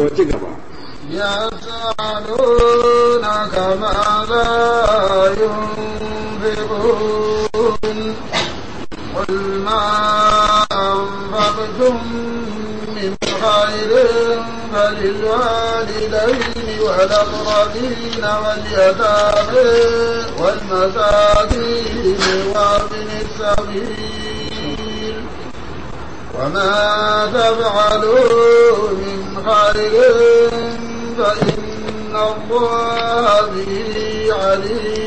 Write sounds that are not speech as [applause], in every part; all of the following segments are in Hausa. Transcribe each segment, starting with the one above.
to يسألونك ماذا ينفقون قل ما أنفقتم من خير فللوالدين والأقربين واليتامى والمساكين وابن السبيل وما تفعلوا من خير فإن الله به عليم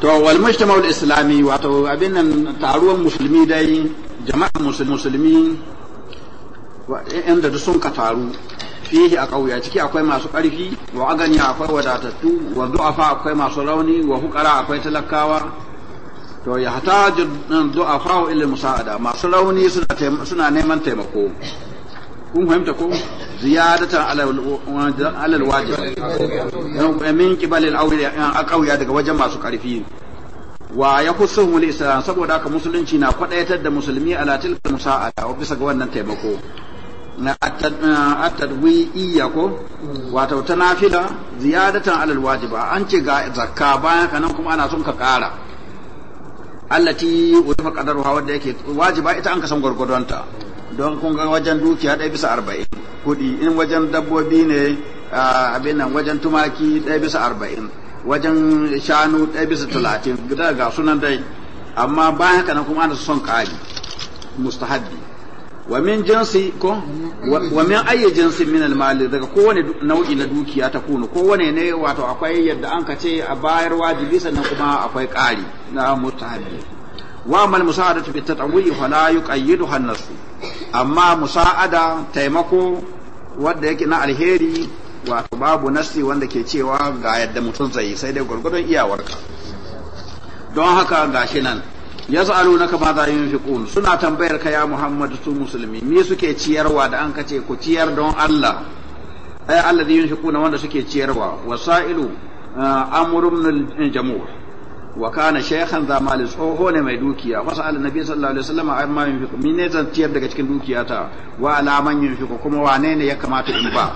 to wal al islami to abin nan taruwan musulmi dai jama'a musulmi inda duk sun ka taru fihi a kauya ciki akwai masu ƙarfi wa agani akwai wadatattu wa du'afa akwai masu rauni wa hukara akwai talakawa to ya hata du'afa ila musa'ada masu rauni suna suna neman taimako kun fahimta ko ziyadatan ala alwajib min qibal al a kauya daga wajen masu karfi wa ya kusuhu islam saboda haka musulunci na kwadaitar da musulmi ala tilka musa'ada wa bisa ga wannan taimako na at iya ko wato ta nafila ziyadatan alal wajiba an ce ga zakka bayan kanan kuma ana son ka kara allati kadar qadaruha wanda yake wajiba ita an kasan gurgurdonta don kun ga wajen dukiya ɗaya bisa arba'in kuɗi in wajen dabbobi ne abin nan wajen tumaki ɗaya bisa arba'in wajen shanu ɗaya bisa talatin da ga sunan dai amma bayan haka nan kuma ana son kaji mustahabbi wa min jinsi ko wa min ayi jinsi min al daga kowane nau'i na dukiya ta kunu kowane ne wato akwai yadda an ka ce a bayar wajibi sannan kuma akwai ƙari na mutahabbi wa mal musa'adatu bi tatawwi fa la yuqayyidu an amma musa'ada taimako wanda yake na alheri wato babu nasi wanda ke cewa ga yadda mutum zai sai dai gurgurdan iyawarka don haka gashi nan ya na kama za yin fiƙun suna tambayar ka ya muhammadu su musulmi me suke ciyarwa da an kace ku ciyar don Allah ɗaya Allah zai yin fiƙun wanda suke ciyarwa wasailu eh, na jamu wa kana shekhan zamali tsoho ne mai dukiya fa ala nabi sallallahu alaihi wasallam ay ma yunfiqu min ne zan ciyar daga cikin dukiyata wa ala man yunfiqu kuma wane ne ya kamata in ba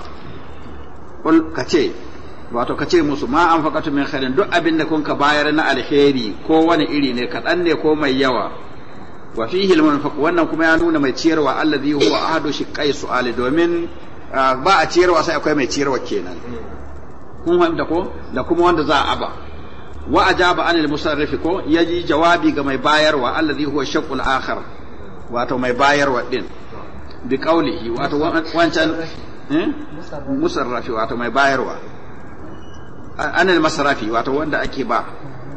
kul kace wato ka ce musu ma an faƙatu min khairin duk abin da kun ka bayar na alheri ko wani iri ne kaɗan ne ko mai yawa wa fihi al-munfaq wannan kuma ya nuna mai ciyarwa allazi huwa ahadu shiqqai su'ali domin ba a ciyarwa sai akwai mai ciyarwa kenan kun fahimta ko da kuma wanda za a aba wa ajaba an al-musarrif ko yaji jawabi ga mai bayarwa allazi huwa shaqqul akhar wato mai bayarwa din bi qawlihi wato wancan eh? musarrafi wato mai bayarwa anil masrafi wato wanda ake ba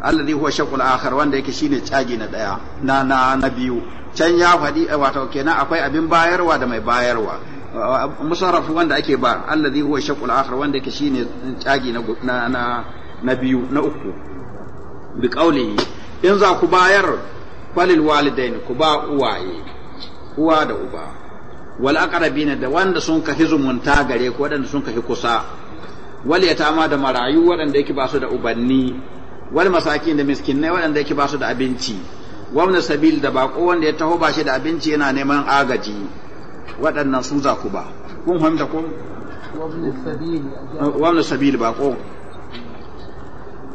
alladhi huwa shaqul akhar wanda yake shine caji na daya na na na biyu can ya faɗi eh, wato kenan akwai abin bayarwa da mai bayarwa musarraf wanda ake ba alladhi huwa shaqul akhar wanda yake shine caji na na na biyu na uku bi qawli in za ku bayar falil walidain ku ba uwaye uwa da uba wal aqrabina da wanda sun kafi zumunta gare ku waɗanda sun kafi kusa wal yatama da marayu waɗanda yake ba su da ubanni wal masakin da miskinai waɗanda yake ba su da abinci wamna sabil da bako wanda ya taho ba shi da abinci yana neman agaji waɗannan su za ku ba kun fahimta ko wamna sabil bako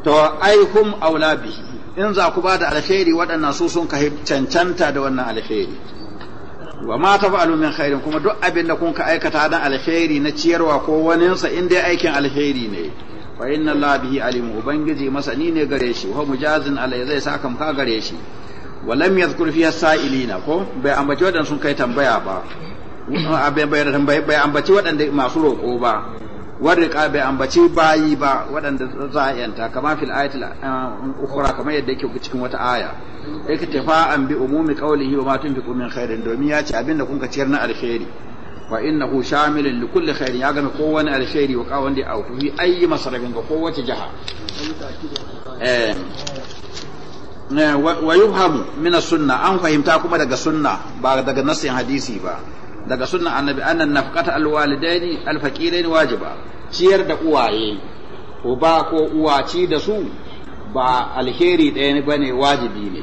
to ai hum aula bihi in za ku ba da alheri waɗannan su sun kai cancanta da wannan alheri wa ma tafa'alu min khairin kuma duk abin da kunka aikata dan alheri na ciyarwa ko waninsa in dai aikin alheri ne fa inna bihi alimu ubangiji masani ne gare shi wa mujazin alai zai sa ka gare shi wa lam yadhkur fiha sa'ilina ko bai ambaci wadan sun kai tambaya ba bai ambaci waɗanda masu roƙo ba warriqa bai ambaci bayi ba waɗanda za a yanta kama fil ayatil ah, ukhra kamar yadda yake cikin wata aya iktifa an bi umumi qawlihi wa ma tunfiqu min khairin domin ya ce abinda kun ka ciyar na alkhairi wa innahu shamilun li kulli khairin ya gama wani alkhairi wa kawanda ya auku fi ayi masarabin ga kowace jaha eh, eh wa yubhamu min sunna an fahimta kuma daga sunna ba daga nasin hadisi ba daga sunna annabi annan nafqata alwalidaini alfaqirain wajiba ciyar da uwaye uba ko Uwaci da su ba alheri ɗaya ba ne wajibi ne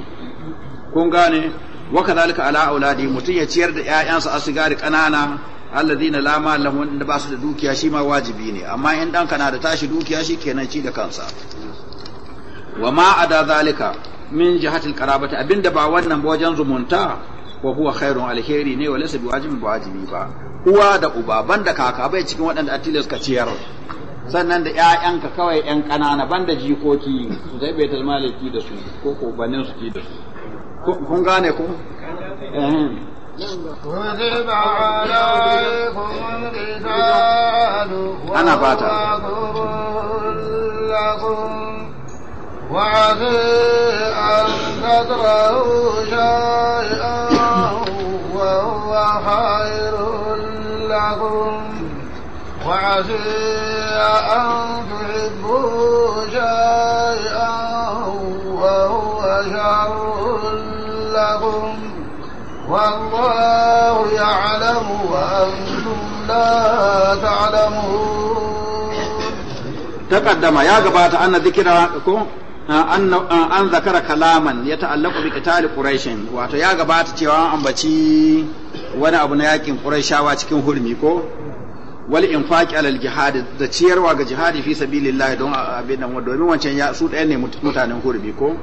kun gane waka zalika ala auladi mutum ya ciyar da ƴaƴansa asigari ƙanana alladhina la ma lahum da ba da dukiya shi ma wajibi ne amma in dan kana da tashi dukiya shi kenan ci da kansa wa ma ada zalika min jihatil qarabati abinda ba wannan ba wajen zumunta wa huwa khairun alheri ne wa laysa biwajibin biwajibi ba uwa da uba banda kaka bai cikin waɗanda atilas ka ciyar sannan da ƴaƴanka kawai ƴan ƙanana banda jikoki su zai bai talmaliki da su ko ko banin su ki da su kun gane ku ana bata وعفي عن قدره شيئا وهو خير لكم وعسي أن تحبوا شيئا وهو شر لكم والله يعلم وأنتم لا تعلمون تقدم يا قبات أن ذكركم an zakara kalaman ya ta'allaku bi qital quraish wato ya gabata cewa an ambaci wani abu na yakin quraishawa cikin hurmi ko wal infaqi alal jihad da ciyarwa ga jihadi fi sabilillah don abin nan domin wancan ya su ɗaya ne mutanen hurmi ko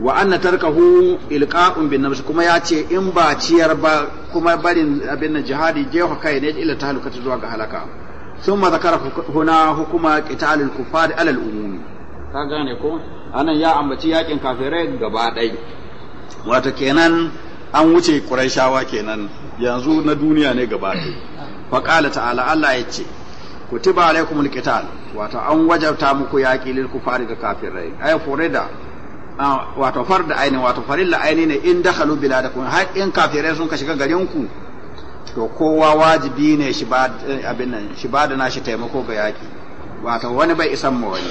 wa anna tarkahu ilqa'un bin nafs kuma ya in ba ciyar ba kuma barin abin nan jihadi jefa kai ne ila tahlukata zuwa ga halaka thumma zakara huna hukuma al kuffar alal umumi ka gane ko anan ya ambaci yakin kafirai gaba ɗai wata kenan an wuce shawa kenan yanzu na duniya ne gaba ɗai faƙala ta'ala Allah ya ce ku kutiba alaikumul qital wata an wajabta muku yaƙi lil kufari ga kafirai ay furida wato farda aini wato farilla aini ne in dakhalu biladakum har in kafirai sun ka shiga garin ku to kowa wajibi ne shi ba eh, abin nan shi ba da nashi taimako ga yaƙi wato wani bai isan ma wani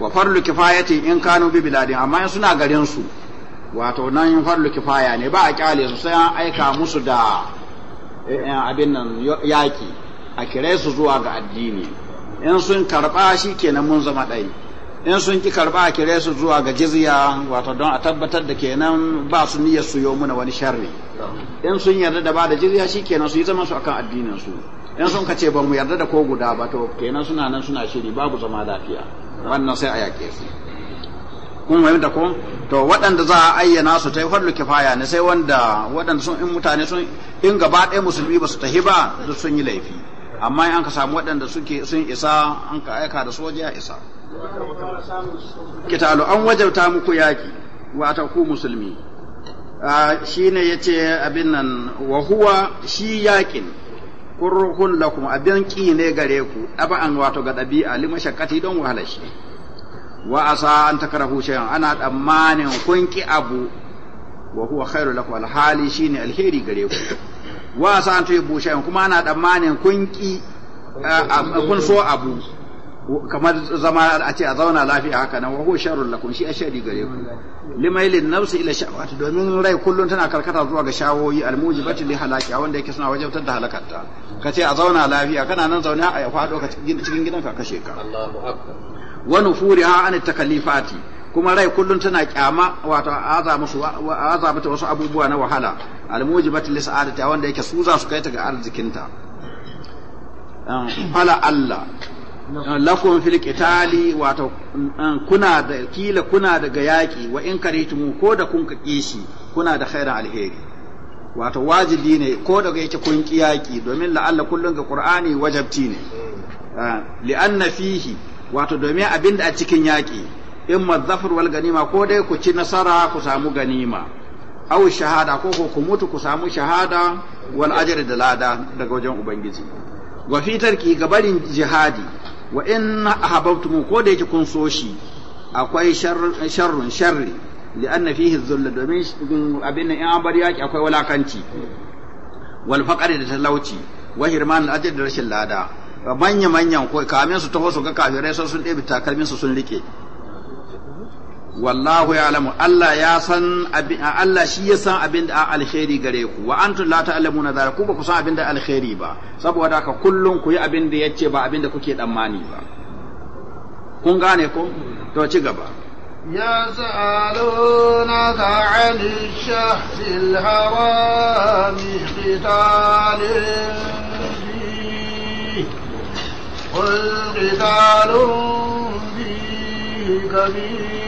wa farlu kifayati in kanu bi biladin amma in suna garin su wato nan farlu kifaya ne ba a kyale su sai an aika musu da eh, abin nan yaki a kire su zuwa ga addini in sun karba shi kenan mun zama ɗai in sun ki karba a kire su zuwa ga jizya wato don a tabbatar da kenan ba su niyyar su yo muna wani sharri in sun yarda da ba da jizya shi kenan su yi zaman su akan addinin su in sun kace ba mu yarda da ko guda ba to kenan suna nan suna shiri babu zama lafiya wannan sai a yaƙe su kun fahimta ko to waɗanda za a ayyana su ta yi farlu kifaya ne sai wanda waɗanda sun in mutane sun in gaba ɗaya musulmi ba su tahi ba duk sun yi laifi amma in an ka samu waɗanda suke sun isa an ka aika da soja ya isa kitalu an wajabta muku yaƙi wata ku musulmi ah, Shi ne ya ce abin nan wahuwa shi yaƙin kurhun lakum abin ki ne gare ku an wato ga ɗabi'a lima, shakkati don wahala shi wa asa an takrahu shay'an ana tsammanin kun ki abu wa huwa khairu lakum alhali shine alheri gare ku wa asa an tuyibu shay'an kuma ana tsammanin kun ki kun so abu kamar zama a ce a zauna lafiya haka nan wa huwa sharrul lakum shi ashari gare ku limailin nafsi ila shahwati domin rai kullun tana karkata zuwa ga shawoyi almujibati li halaki wanda yake suna wajabtar da halakarta ka ce a zauna lafiya kana nan zaune a fado ka cikin gidanka kashe ka Allahu akbar wa nufuriha an takallifati kuma rai kullun tana kyama wato aza musu aza mata wasu abubuwa na wahala almujibati li sa'adati wanda yake su za su kai ta ga arzikinta fala Allah lakum fil qitali wato eh, kuna da kila kuna daga yaki wa in karitumu ko da kun kake shi kuna da khairan alheri wato wajibi ne ko daga yake kun ki yaki domin la'alla kullun ga qur'ani wajabti ne eh, li'anna fihi wato domin abinda a cikin yaki in mazafar wal ganima ko dai ku ci nasara ku samu ganima aw shahada ko ko ku mutu ku samu shahada wal ajr da lada daga wajen ubangiji wa fi tarki barin jihadi wa in ahabbtum ko da yake kun so shi akwai sharrun sharri li'anna fihi dhulla domin abin in an bar yaki akwai walakanci wal faqari da talauci wa hirman al ajr da rashin lada manya manyan ko kamin su taho su ga kafirai sun ɗebe takalmin su sun rike wallahu ya ya'lamu Allah ya san abin Allah shi ya san abin da alheri gare ku wa antum la ta'lamuna zalika ku ba ku san abin da alkhairi ba saboda haka kullun ku yi abin da yace ba abin da kuke tsammani ba kun gane ko to ci gaba ya عن الشهر الحرام haram فيه qul قتال bi kabir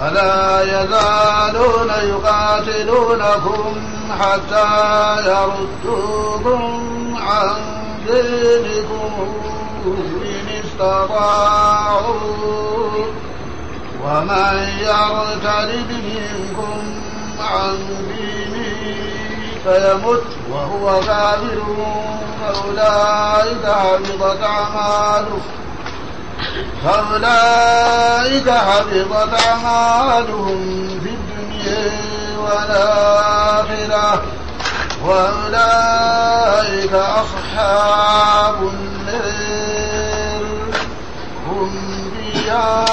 فلا يزالون يقاتلونكم حتى يردوكم عن دينكم إن استطاعوا ومن يرتد منكم عن دينه فيمت وهو كافر فأولئك حبطت أعماله فأولئك حبطت أعمالهم في الدنيا والآخرة وأولئك أصحاب النار هم فيها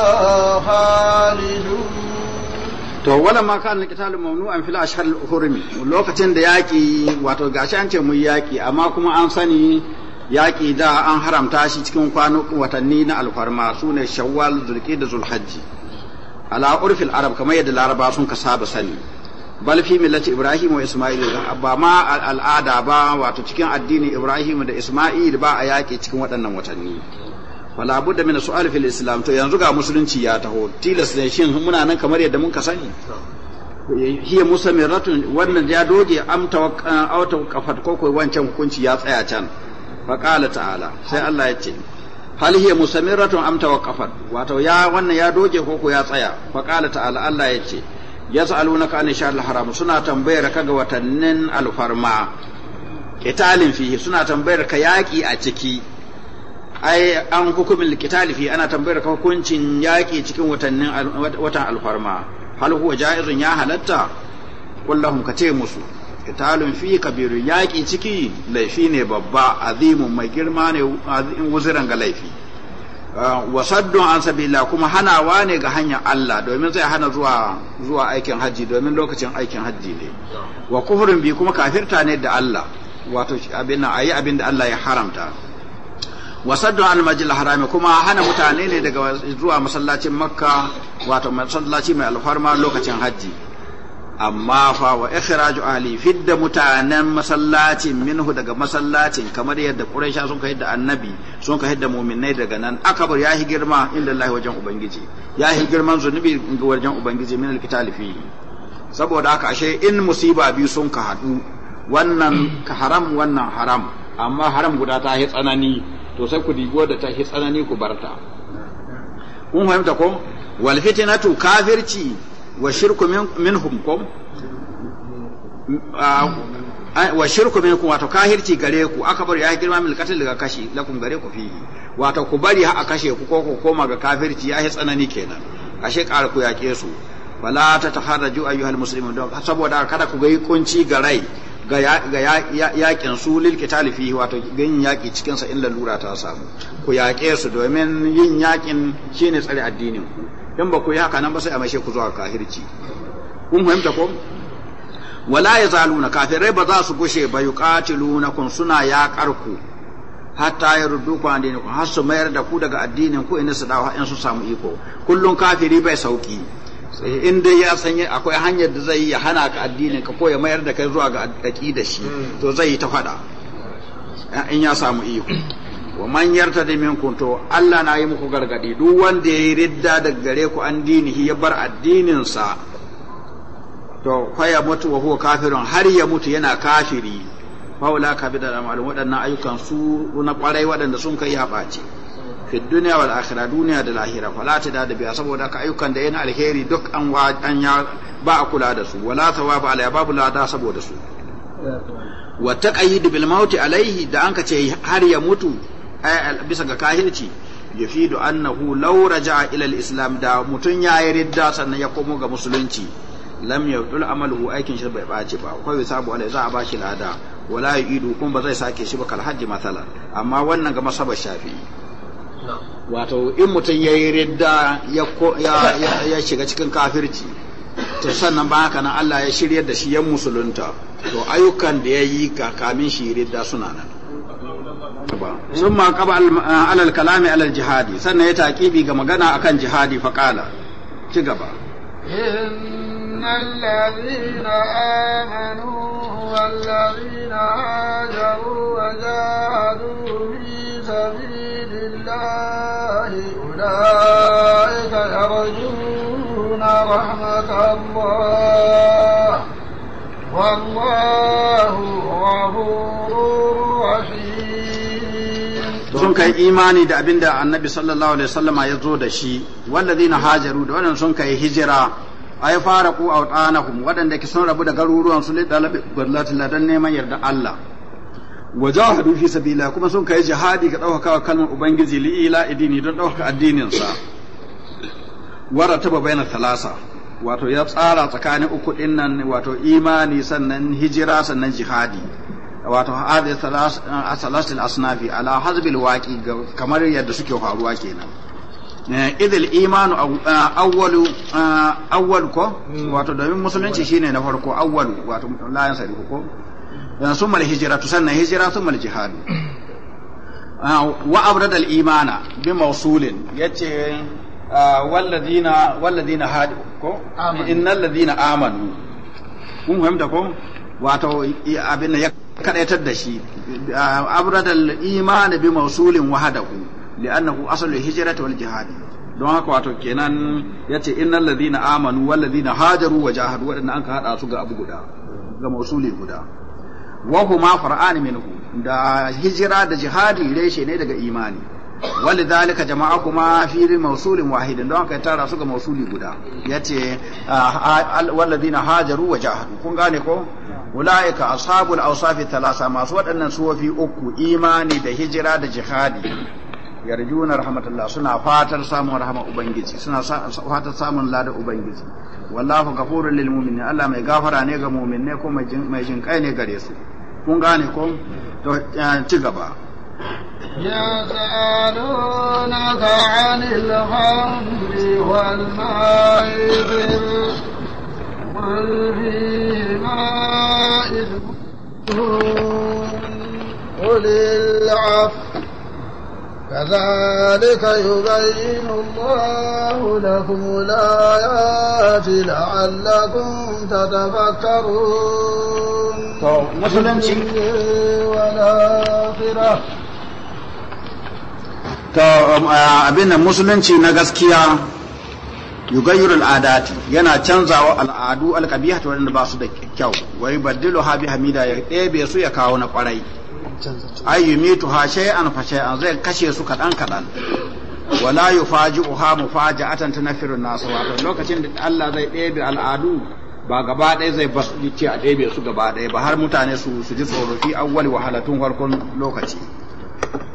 خالدون to wala ma kan mamnu an fil ashhar al-hurmi lokacin da yaki wato gashi an ce mu yaki amma kuma an sani yaƙi da an haramta shi cikin kwano watanni na alfarma su ne shawwal zulki da zulhajji ala urfil arab kamar yadda laraba sun ka saba sani bal fi millati ibrahim wa isma'il ba ma al'ada ba wato cikin addinin ibrahim da isma'il ba a yaƙi cikin waɗannan watanni wala budda min su'al fil islam to yanzu ga musulunci ya taho tilas ne shin muna nan kamar yadda mun ka sani hiya musamiratun wannan ya doge amta aw kafat ko wancan hukunci ya tsaya can Faƙala ta'ala sai Allah ya ce hal hiya musammiratun am tawaqqafat wato ya wannan ya doge ko ko ya tsaya Faƙala ta'ala Allah ya ce yas'alunaka an al haram suna tambayar ka ga watannin alfarma qitalin fihi suna tambayar ka yaki a ciki ai an hukumin qital fi ana tambayar ka hukuncin yaki cikin watannin watan alfarma hal huwa jaizun ya halatta kullahum ka ce musu kitalun fi kabiru yaƙi ciki laifi ne babba azimun mai girma ne wuziran ga laifi ah, Wasaddun an sabila kuma hanawa ne ga hanyar Allah domin zai hana zuwa aikin hajji domin lokacin aikin hajji ne wa kufurin bi kuma kafirta ne da Allah wato abin ayi abin da Allah ya haramta Wasaddun saddun an harami kuma hana mutane ne daga zuwa masallacin makka wato masallaci mai alfarma lokacin hajji amma fa wa ikhraju ali fidda mutanen masallacin minhu daga masallacin kamar yadda quraisha sun kai da annabi sun kai da mu'minai daga nan akabar ya hi girma inda Allah wajen ubangiji ya hi girman zunubi ga wajen ubangiji min alkitali fi saboda haka ashe in musiba biyu sun ka hadu wannan ka haram wannan haram amma haram guda ta hi tsanani to sai ku digo da ta hi tsanani ku barta kun fahimta ko wal fitnatu kafirci wa shirku minhum kom ah, ah, wa shirku minkum wato kahirci gare ku aka bar ya girma mil katil daga kashi lakum gare ku fihi wato ku bari a kashe ku ko ku koma ga kafirci ya tsanani kenan ashe ƙara ku yaƙe su wala ta taharraju ayyuhal muslimun don saboda kada ku ga kunci ga rai ga yaƙin su lil qitali fihi wato yin yaƙi cikin sa in lalura ta samu ku yaƙe su domin yin yaƙin shine tsare addinin ku in ba ku yi haka nan ba sai a mashe ku zuwa kafirci kun fahimta ko wala ya zaluna kafirai ba za su gushe ba yuqatiluna kun suna yaƙar ku hatta ya ruddu ku addini ku har mayar da ku daga addinin ku in su dawo in su samu iko kullun kafiri bai sauki in dai ya san akwai hanyar da zai yi ya hana ka addinin ka ko ya mayar da kai zuwa ga da shi to zai yi ta faɗa in ya samu iko wa man yartadi minkum to Allah na yi muku gargadi duk wanda yayi ridda daga gare ku an dinihi ya bar addinin sa to fa ya mutu wa huwa kafirun har ya mutu yana kafiri fa wala ka bi da amalin waɗannan ayyukan su na kwarai waɗanda sun kai ya ɓace fi duniya wal akhirah duniya da lahira fa la da biya saboda ka ayyukan da yana alheri duk an an ya ba a kula da su wala thawaba alaiha babu lada saboda su wa taqayyid bil mauti alaihi da an ka ce har ya mutu Eh, bisa ga kahirci yafidu annahu law raja'a ila al-islam da mutun yayi ridda sannan ya komo ga musulunci lam yabdul amaluhu aikin shi bai bace ba kawai ya sabu alai za a shi lada wala yidu kun ba zai sake shi ba kal hajji matala amma wannan ga masabar shafi wato in mutum ya yi ridda ya shiga cikin kafirci to sannan ba haka nan Allah ya shiryar da shi yan musulunta to ayyukan da ya yi kamin shi ridda suna nan summa qaba eh, alal kalami alal jihadi sannan ya taqibi ga magana akan jihadi fa qala ci gaba إن الذين آمنوا والذين هاجروا وجاهدوا في والله غفور رحيم sun kai imani da abin da annabi sallallahu alaihi wasallama ya zo da shi wallazina hajaru da waɗanda sun kai hijira ay faraku awtanahum waɗanda ke sun rabu da garuruwan su li dalabi ladan neman yarda Allah wajahadu fi sabila kuma sun kai jihadi ga ɗaukaka kalmar ubangiji li ila idini don ɗaukaka addinin sa warataba taba baina talasa wato ya tsara tsakanin uku dinnan wato imani sannan hijira sannan jihadi wato hadhihi salasil asnafi ala hazbil waqi kamar yadda suke faruwa kenan eh, idil imanu eh, awwalu eh, awwal ko wato domin musulunci shine na farko awwal wato la yansari ko summa hijratu sannan hijra summa jihadu ah, wa abrada al imana bi mawsulin yace walladina walladina hadu ko innal ladina amanu kun fahimta ko wato abin ya kadaitar da shi abradal imani bi mausulin wahadahu li'annahu asalul hijrati wal jihad don haka wato kenan yace innal ladina amanu wal ladina hajaru wa jahadu wadanda an ka hada su ga abu guda ga mausuli guda wa huma far'an minhu da hijira da jihadi reshe ne daga imani wali dalika jama'a kuma fili mausulin wahidin don aka tara su ga mausuli guda Ya ce ah, ah, walladina hajaru wa jahadu kun gane ko ulaika ashabul awsafi talasa masu waɗannan suwafi uku imani da hijira da jihadi yarjuna rahmatullah suna fatar samun rahama ubangiji suna fatar samun lada ubangiji wallahu ghafurul lil mu'minin Allah mai gafara ne ga mu'minai ko mai jinkai ne gare su kun gane ko to eh, ci gaba يسألونك عن الخمر والمائر قل فيهما إثم قل العفو كذلك يبين الله لكم الآيات لعلكم تتفكرون مسلمتي والآخرة um, abin da musulunci na gaskiya yugayyur al'adati yana canzawa al'adu alƙabiha ta wadanda ba su da kyau wai baddilu habi hamida ya ɗebe su ya kawo na ƙwarai ay yumituha shay'an fa shay'an zai kashe su kadan kadan wala yufaji'uha mufaja'atan tunafirun nasu wato lokacin da Allah zai ɗebe al'adu ba gaba ɗaya zai ba ce a ɗebe su gaba ɗaya ba har mutane su su ji tsoro fi awwal wahalatun farkon lokaci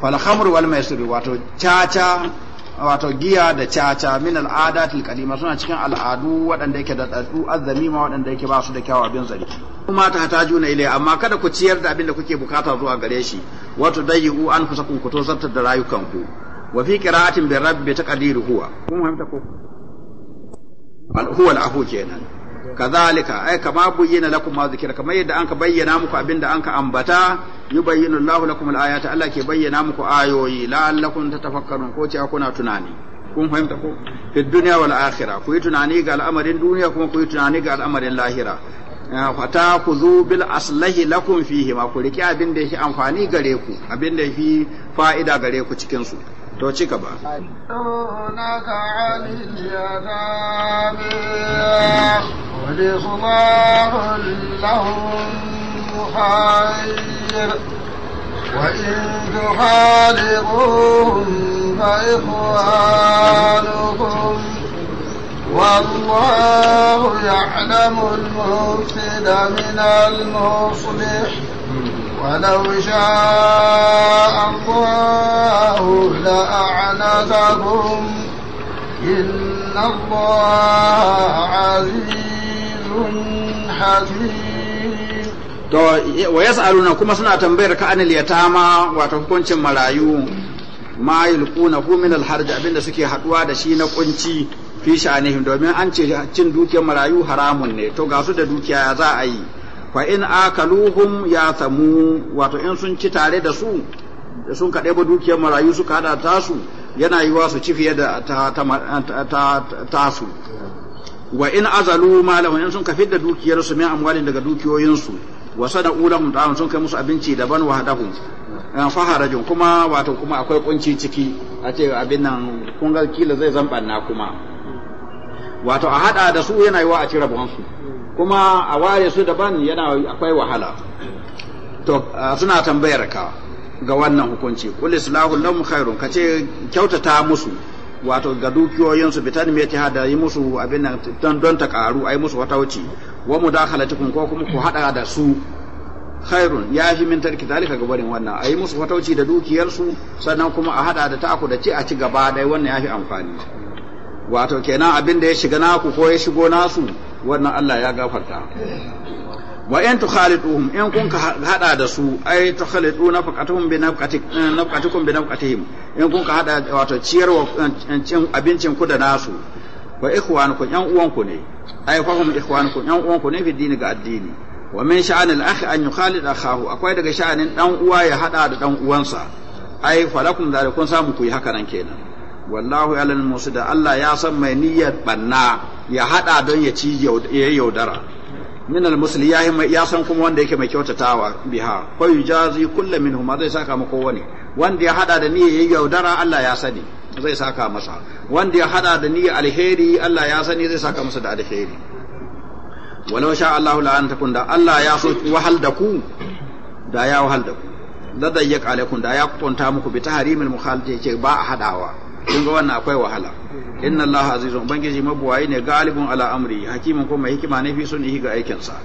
fal khamr wal maisir wato caca wato giya da caca min al'adatil kalima suna cikin al'adu waɗanda yake da tsatsu azzamima waɗanda yake ba su da kyawa abin zari kuma ta ta juna ile amma kada ku ciyar da abin da kuke bukata zuwa gare shi wato dayu an kusa ku kuto zartar da rayukanku wa fi qira'atin bi rabbi taqdiru huwa fahimta ko al kenan kazalika ai kama bayyana lakum ma zikira kamar yadda anka bayyana muku abinda an ka ambata yubayyinu Allahu lakum al-ayata Allah ke bayyana muku ayoyi la'allakum tatafakkarun ko cewa kuna tunani kun fahimta ko fi dunya wal akhirah ku yi tunani ga al'amarin duniya kuma ku yi tunani ga al'amarin lahira fata ku zu bil aslahi lakum fihi ma ku riki abinda da yake amfani gare ku abinda da yake fa'ida gare ku cikin su to ci gaba وإن تخالقوهم فإخوانكم والله يعلم المفسد من المصلح ولو شاء الله لأعنتكم إن الله عزيز حكيم to wa yas'aluna kuma suna tambayar ka anil yatama wato hukuncin marayu ma yulquna hu min al abinda suke haduwa da shi na kunci fi domin an ce cin dukiyar marayu haramun ne to gasu da dukiya za a yi fa in akaluhum ya samu wato in sun ci tare da su sun kaɗe ba dukiyar marayu suka hada tasu yana wa su ci fiye da ta su wa in azalu malahu in sun kafir da dukiyar su min amwalin daga dukiyoyinsu wa sana'u lahum ta'am sun kai musu abinci daban wa hadahum eh, faharajin kuma wato kuma akwai kunci ciki a ce abin nan kungal kila zai na kuma wato a hada da su yana yi wa a ci rabonsu kuma a ware su daban yana akwai wahala to suna tambayar ka ga wannan hukunci kul islahu lahum khairun kace kyautata musu wato ga dukiyoyinsu bitan ta hada yi musu abin nan don don ta karu ai musu wata wuce wa mudakhalatukum ko kuma ku hada da su khairun ya fi min tarki zalika ga barin wannan ai musu fatauci da dukiyarsu sannan kuma a hada da taku da ci a ci gaba dai wannan ya fi amfani wato kenan abin da ya shiga naku ko ya shigo nasu wannan Allah ya gafarta wa in tukhaliduhum in kun ka hada da su ai tukhalidu nafqatuhum bi nafqatikum eh, bi nafqatihim in kun ka hada wato ciyarwa eh, cin abincin ku da nasu wa ikhwanukum yan uwanku ne ai fa hum ikhwanukum yan uwanku ne fi dini ga addini wa min al akh an yukhalid akhahu akwai daga sha'anin dan uwa ya hada da dan uwansa ai falakum kun samu ku yi haka nan kenan wallahu ya'lamu musu da Allah ya san mai niyyar banna ya haɗa don ya ci ya yaudara Min musli ya ya san kuma wanda yake mai kyautatawa biha ko yujazi min minhum zai saka maka wani wanda ya haɗa da niyyar ya yaudara Allah ya sani zai saka masa wanda ya haɗa da niyyar alheri Allah ya sani zai saka masa da alheri walau sha Allahu la antakum da Allah ya so wahal da ku da ya wahal da ku ladayyak alaikum da ya kunta muku bi tahrimil mukhalati ce ba a hadawa kun ga wannan akwai wahala inna Allah azizun ubangiji mabuwayi ne galibun ala amri hakimin kuma hikima ne fi yi ga aikin sa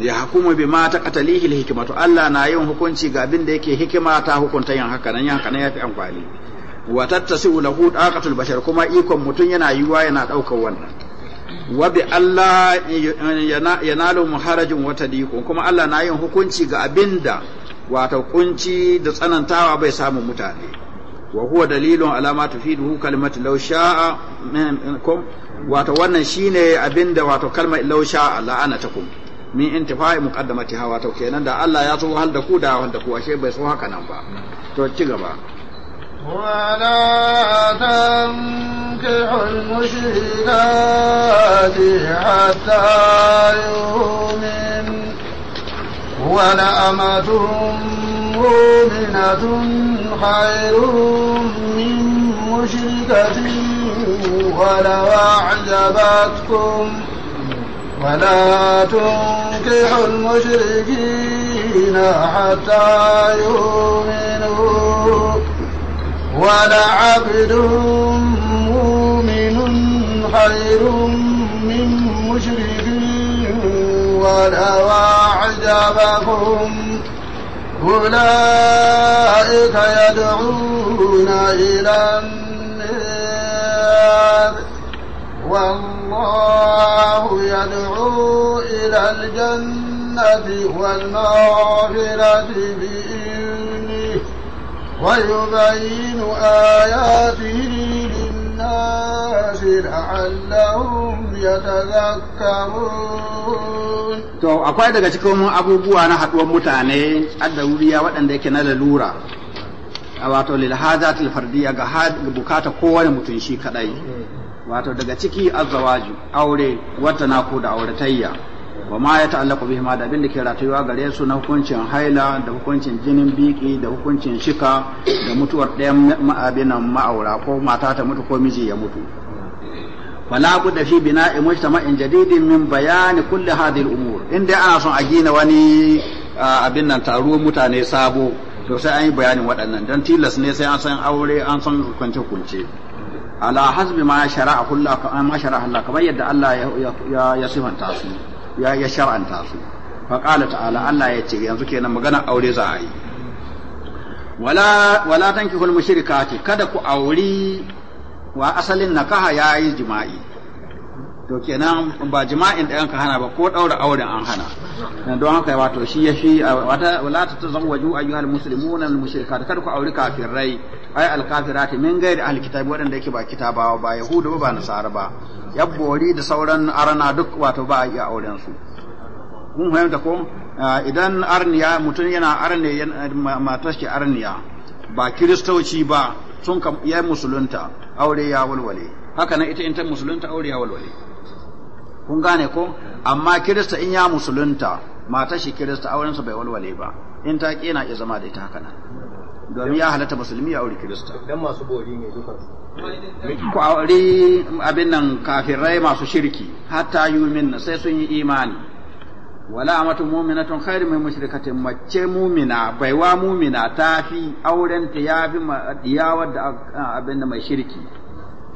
ya hukuma bi ma ta qatalihi allah na yin hukunci ga abin da yake hikima ta hukunta yin haka nan yan kana yafi amfani wa tattasi'u lahu daqatul bashar kuma ikon mutun yana yiwa yana daukar wannan wa bi allah yanalu muharajun wa tadiqun kuma allah na yin hukunci ga abinda wato kunci da tsanantawa bai samu mutane wa huwa dalilun alama tufiduhu kalmatu law sha'a minkum wato wannan shine abinda wato kalmar law sha'a la'anatakum min intifa'i muqaddamatiha wato kenan da Allah ya so hal da ku da wanda ku ashe bai so haka nan ba to ci gaba ولا تنكحوا المشركات حتى يؤمن ولأمة مؤمنة خير من مشركة ولو أعجبتكم ولا تنكحوا المشركين حتى يؤمنوا ولعبد مؤمن خير من مشرك ولو أعجبكم أولئك يدعون إلى النار والله يدعو إلى الجنة والمغفرة بإذنه ويبين آياته للناس لعلهم يتذكرون to akwai daga cikin abubuwa na haduwar mutane adda wuriya waɗanda yake na lalura wato lil hazatil fardiyya ga bukata kowane mutum shi kadai wato daga ciki azawaju aure wata ko da auratayya wa ma ya ta'allaqu bihi ma da bin da ke ratayuwa gare su na hukuncin haila da hukuncin jinin biki da hukuncin shika da mutuwar ɗayan ma'abinan ma'aura ko mata ta mutu ko miji ya mutu فلا بد في بناء مجتمع جديد من بيان كل هذه الامور ان دي انا son a gina wani abin nan taro mutane sabo to sai an yi bayanin waɗannan don tilas ne sai an san aure an san kunce kunce ala hasbi ma shara'a kullu ka ma shara'a Allah kamar yadda Allah ya ya sifanta su ya ya shar'anta su fa qala ta'ala Allah ya ce yanzu kenan magana aure za a yi wala wala tankihul mushrikati kada ku auri wa asalin na kaha ya yi jima'i to kenan ba jima'in da yanka hana ba ko daura auren an hana don haka wato shi ya shi wata wala ta tazawwaju ayyuhal muslimuna al mushrikat kada ku auri kafirai rai. al kafirati min ghairi da kitabi wadanda yake ba kitabawa ba yahudu ba ba nasara ba yabbori da sauran arana duk wato ba a iya auren su mun fahimta ko idan arniya mutum yana arne matar arniya ba kiristoci ba sun ya musulunta aure ya walwale haka nan ita in ta musulunta aure ya walwale kun gane ko amma kirista in ya musulunta mata shi kirista aurensa bai walwale ba in ta kena ya zama da ita haka nan domin ya halatta musulmi ya aure kirista dan masu bori ne dukansu ku aure abin nan kafirai masu shirki hatta yumin sai sun yi imani wala amatu mu'minatun khairu min mushrikatin mace mu'mina baiwa mu'mina tafi auren ta yafi diyawar da abinda mai shirki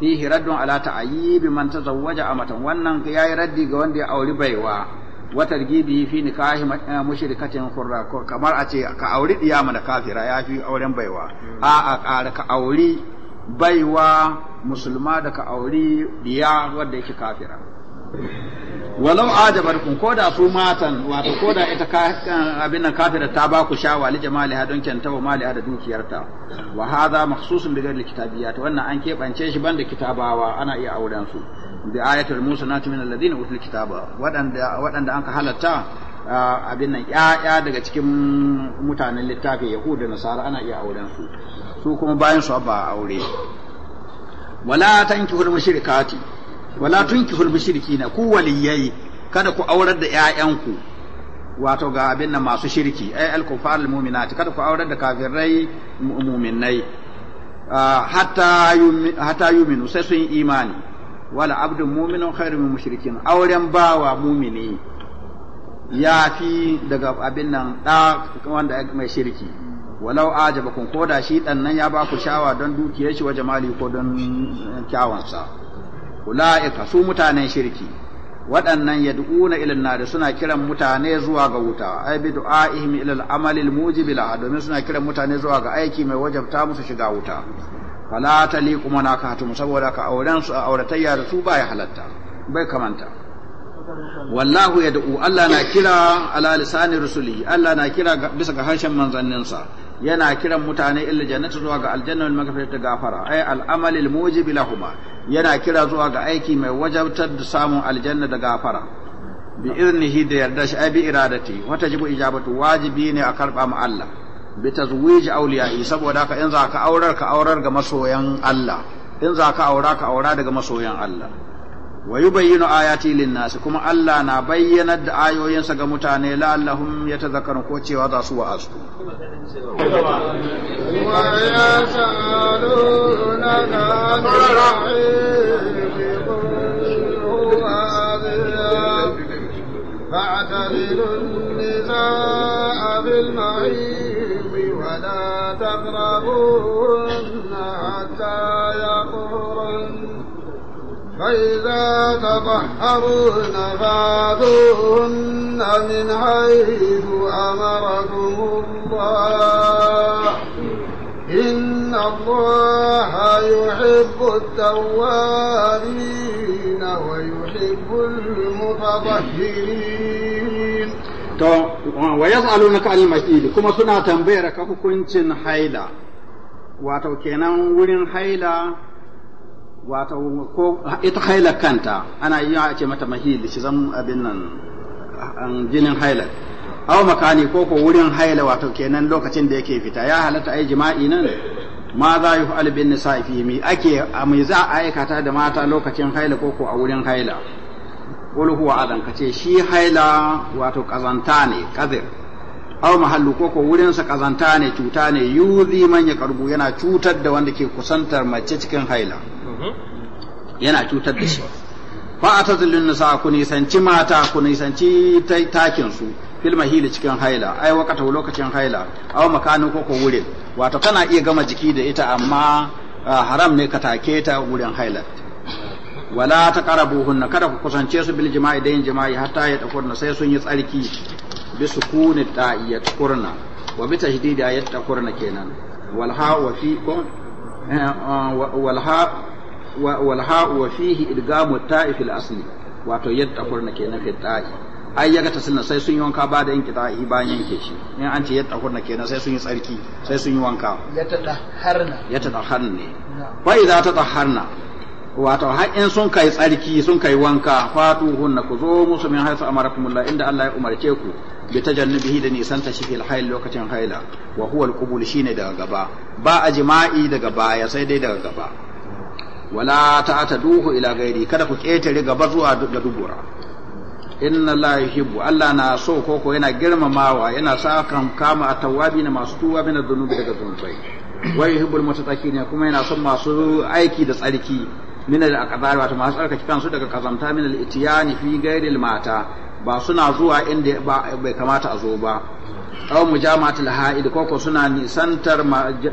fihi raddun ala ta'ayyibi man tazawwaja amatan wannan yayi raddi ga wanda ya auri baiwa wa targibi fi nikahi eh, mushrikatin hurra kamar a ce ka auri diya mana kafira yafi auren baiwa hmm. a a ƙara ka auri baiwa musulma da ka auri diya wanda yake kafira walau ajabarkum ko da su matan wato ko da ita abin nan kafira ta ba ku shawa li jamaliha don kyanta wa mali da dukiyarta wa hadha makhsusun bi ghairi kitabiyat wannan an kebance shi banda kitabawa ana iya auren su bi ayatul musanati min alladhina utul kitaba wadanda wadanda ka halatta abin nan ya'ya daga cikin mutanen littafi yahuda nasara ana iya auren su su kuma bayan su ba aure wala tankihul mushrikati wala tunkihul mushrikina ku waliyai kada ku aurar da ƴaƴanku wato ga abin nan masu shirki ay al kufar al-mu'minat kada ku aurar da kafirai mu'minai ah, hatta hatta yuminu sai sun imani wala abdu mu'minun khairu min mushrikin auren bawa mu'mini Yafi daga abin nan da wanda mai shirki walau ajabakum ko shi dan ya ba ku shawa don dukiyar shi wa jamali ko don kyawansa ula'ika su mutanen shirki waɗannan yad'una ila nar suna kiran mutane zuwa ga wuta ai bi du'aihim ila al-amal al domin suna kiran mutane zuwa ga aiki mai wajabta musu shiga wuta fala taliqu hatu saboda ka auren su auratayya da su baya halatta bai kamanta wallahu yad'u Allah na kira ala lisani rusuli Allah na kira bisa ga harshen manzanninsa yana kiran mutane illa jannatu zuwa ga aljanna wal ta gafara ay al amal al mujib lahuma yana kira zuwa ga aiki mai wajabtar da samun aljanna da gafara bi iznihi da yarda shi bi iradati wata jibu ijabatu wajibi ne a karba mu Allah bi tazwij awliya'i saboda haka in za ka aurar ka aurar ga masoyan Allah in za ka aura ka aura daga masoyan Allah wa yubayyinu ayati lin-nas kuma Allah na bayyanar da ayoyinsa ga mutane la'allahum zakar ko cewa za su wa'azu wa yasalunaka فاعتزلوا النساء في ولا تقربون حتى يرى فإذا تطهرن فاتوهن من حيث أمركم الله إن الله يحب التوابين ويحب المتطهرين wa yas'alunaka al mahili kuma suna tambayar ka hukuncin haila wato kenan wurin haila wato ko ita hailar kanta ana yi a ce mata mahili shi zan abin nan jinin hailar aw makani ko ko wurin haila wato kenan lokacin da yake fita ya halatta ai jima'i nan ma za yi fa'al bin nisa'i fi mi ake mai za a aikata da mata lokacin haila ko ko a wurin haila qul huwa adan kace shi haila wato kazanta ne kazir aw mahallu ko ko wurin sa kazanta ne cuta ne yuzi man ya karbu yana cutar da wanda ke kusantar mace cikin haila yana cutar da shi fa atazilun nisa ku nisanci mata ku nisanci takin su fil mahili cikin haila ai wakata lokacin haila aw makanin ko ko wurin wato kana iya gama jiki da ita amma ah, haram ne ka take ta wurin haila wala taqrabuhunna kada ku kusance su bil jima'i da yin jima'i hatta ya na sai sun yi tsarki bi sukuni ta ya takurna wa bi tahdidi ya takurna kenan wal ha wa fi ko eh, ah, wal ha wal ha'u wa fihi idgamu ta'i asli wato yadda hurna kenan fi ta'i ai yaga tasilna sai sun yi wanka ba da yanke ta'i bayan yanke shi in an ce yadda hurna kenan sai sun yi tsarki sai sun yi wanka ya tadahharna ne fa idza tadahharna wato har in sun kai tsarki sun kai wanka fatu hunna ku zo musu min haisu amarakumullah inda Allah ya umarce ku bi tajannubihi da nisan ta shi fil hayl lokacin haila wa huwa al-qubul shine daga gaba ba a jima'i daga baya sai dai daga gaba wala ta duhu ila gairi, kada ku ƙetare gaba zuwa da dubura inna la yuhibbu Allah na so koko yana girmamawa yana sa kan kama atawabi na masu tuwa bin dhunubi daga zunubai wa yuhibbul ne kuma yana son masu aiki da tsarki min al aqdar wato masu tsarkake kansu daga kazamta min al itiyani fi ghairi mata ba suna zuwa inda bai kamata a zo ba aw mujamatul ha'id koko suna nisantar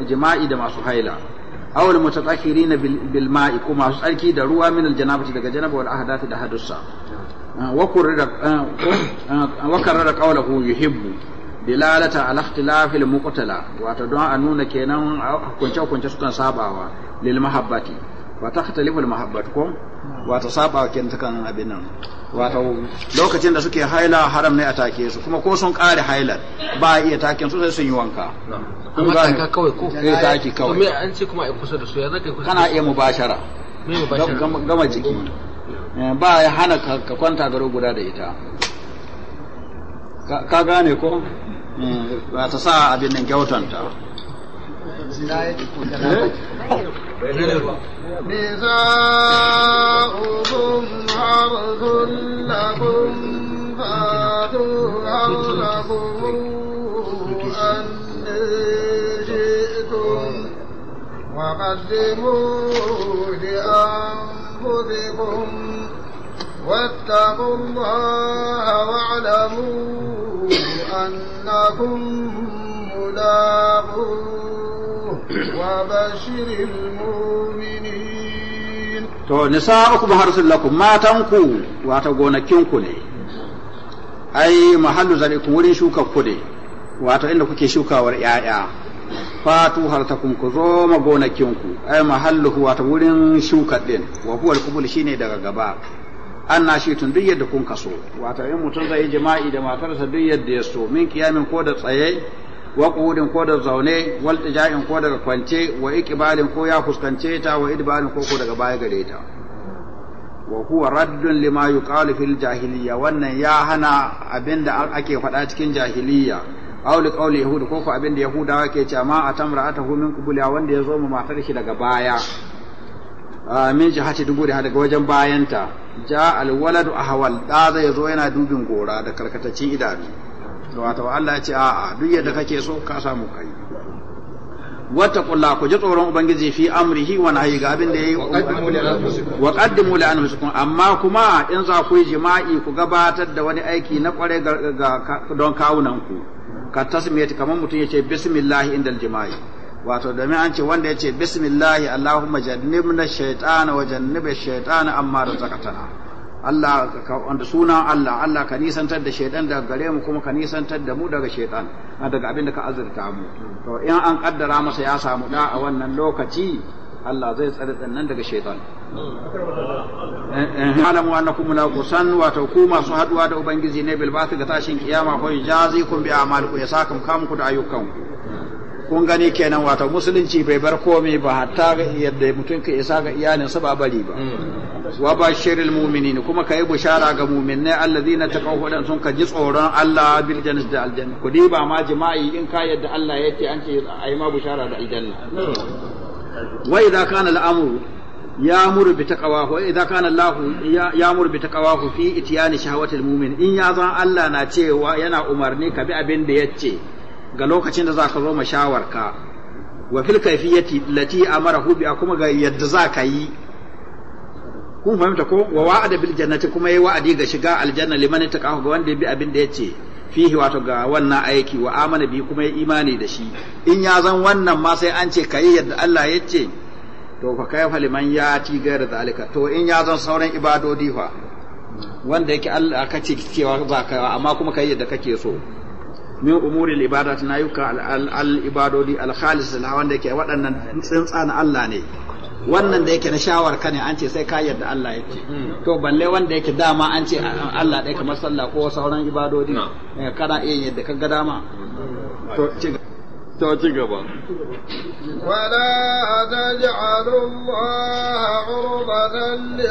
jima'i da masu haila awal ta bil bilma'i kuma su tsarki da ruwa min al daga janaba wal ahdathi da hadussa wa kurra wa qawluhu yuhibbu dilalata ala ikhtilafi al muqtala wato don a nuna kenan hukunce kunce sukan sabawa lil mahabbati wa ta khataliful mahabbat ko wata saba kin takan abin nan wato lokacin da suke haila haram ne a take su kuma ko sun kare haila ba iya taken su sai sun yi wanka an ka kawai ko sai eh, taki kawai kuma an ce kuma a kusa da su ya zaka kusa kana iya mubashara me mubashara gama jiki eh, ba ya hana ka kwanta garo guda da ita ka gane ko Wata eh, sa abin nan gyautanta نساؤكم حرث لكم فاتوا حرثكم أن شئتم وقدموا لأنفسكم واتقوا الله واعلموا أنكم ملاقون وبشر المؤمنين تو نساؤكم حرث لكم ما تنكو واتغونكinku ne ai mahallu zarikum wurin shuka ku ne inda kuke shukawar ƴaƴa fatu hartakum ku zo magonakinku ai mahalluhu wato wurin shuka din wa huwa al shine daga gaba an na shi tun duk yadda kun kaso wato mutum zai yi jima'i da matarsa duk yadda ya so min kiyamin ko da tsaye wa qudin ko da zaune wal tija'in ko daga kwance wa iqbalin ko ya fuskance ta wa idbalin ko ko daga baya gare ta wa huwa raddun lima yuqalu fil jahiliya wannan ya hana abinda ake faɗa cikin jahiliya aw li qawli yahud ko ko abinda yahuda ke cewa ma atahu min qubula wanda ya zo mu matar shi daga baya min jihati da daga wajen bayanta ja al waladu ahwal da zai zo yana dubin gora da karkatacin idanu wato Allah ya ce a'a duk yadda kake so ka samu kai wata kula ku ji tsoron ubangiji fi amrihi wa nahyi ga abin da yayi wa qaddimu li anfusikum amma kuma in za ku yi jima'i ku gabatar da wani aiki na kware ga don kawunan ku ka tasmiyati kamar mutum yace bismillah indal jima'i wato da an ce wanda yace bismillah allahumma jannibna shaytana wa jannibash shaytana amma razaqtana Allah wanda suna Allah Allah ka nisantar da shaidan daga gare mu kuma ka nisantar da mu daga shaidan daga abin da ka azurta mu to in an kaddara masa ya samu da a wannan lokaci Allah zai tsare nan daga shaidan in eh, wa eh, annakum mulaqasan wa ku masu haduwa da ubangiji ne bil ga tashin kiyama ko jazikum bi a'malikum ya sakum kamku da ku kun gani kenan wato musulunci bai bar komai ba hatta yadda mutum ka isa ga iyalinsa ba bari ba hmm. wa shirin mu'minin kuma kai bushara ga mu'minai allazina taqaw hudan sun ka ji tsoron Allah bil jannati da aljanna ku ba ma jima'i in ka yadda Allah yake an ce yi ma bushara da aljanna hmm. wa idza kana al'amru يامر fi إذا كان الله in ya zan Allah na cewa yana umarni ka bi abin da ya ce. ga lokacin da za ka zo mashawarka wa fil kaifiyati lati hu bi kuma ga yadda za ka yi kun fahimta ko wa wa'ada bil jannati kuma yayi wa'adi ga shiga aljanna liman taqa ga wanda ya bi abin da yace fihi wato ga wannan aiki wa amana bi kuma ya imani da shi in ya zan wannan ma sai an ce kai yadda Allah ya ce to fa kayfa liman yati gaira zalika to in ya zan sauran ibadodi fa wanda yake Allah ka ce cewa za ka amma kuma kai yadda kake so min umuri al-ibadat na yuka al-ibadodi al-khalis wanda yake waɗannan tsintsa na Allah ne wannan da yake na shawar ka ne an ce sai ka yarda Allah yake to balle wanda yake dama an ce Allah ɗaya kamar sallah ko sauran ibadodi eh, kana iya yadda ka ga dama to ta ci gaba wala taj'alu Allah urbatan li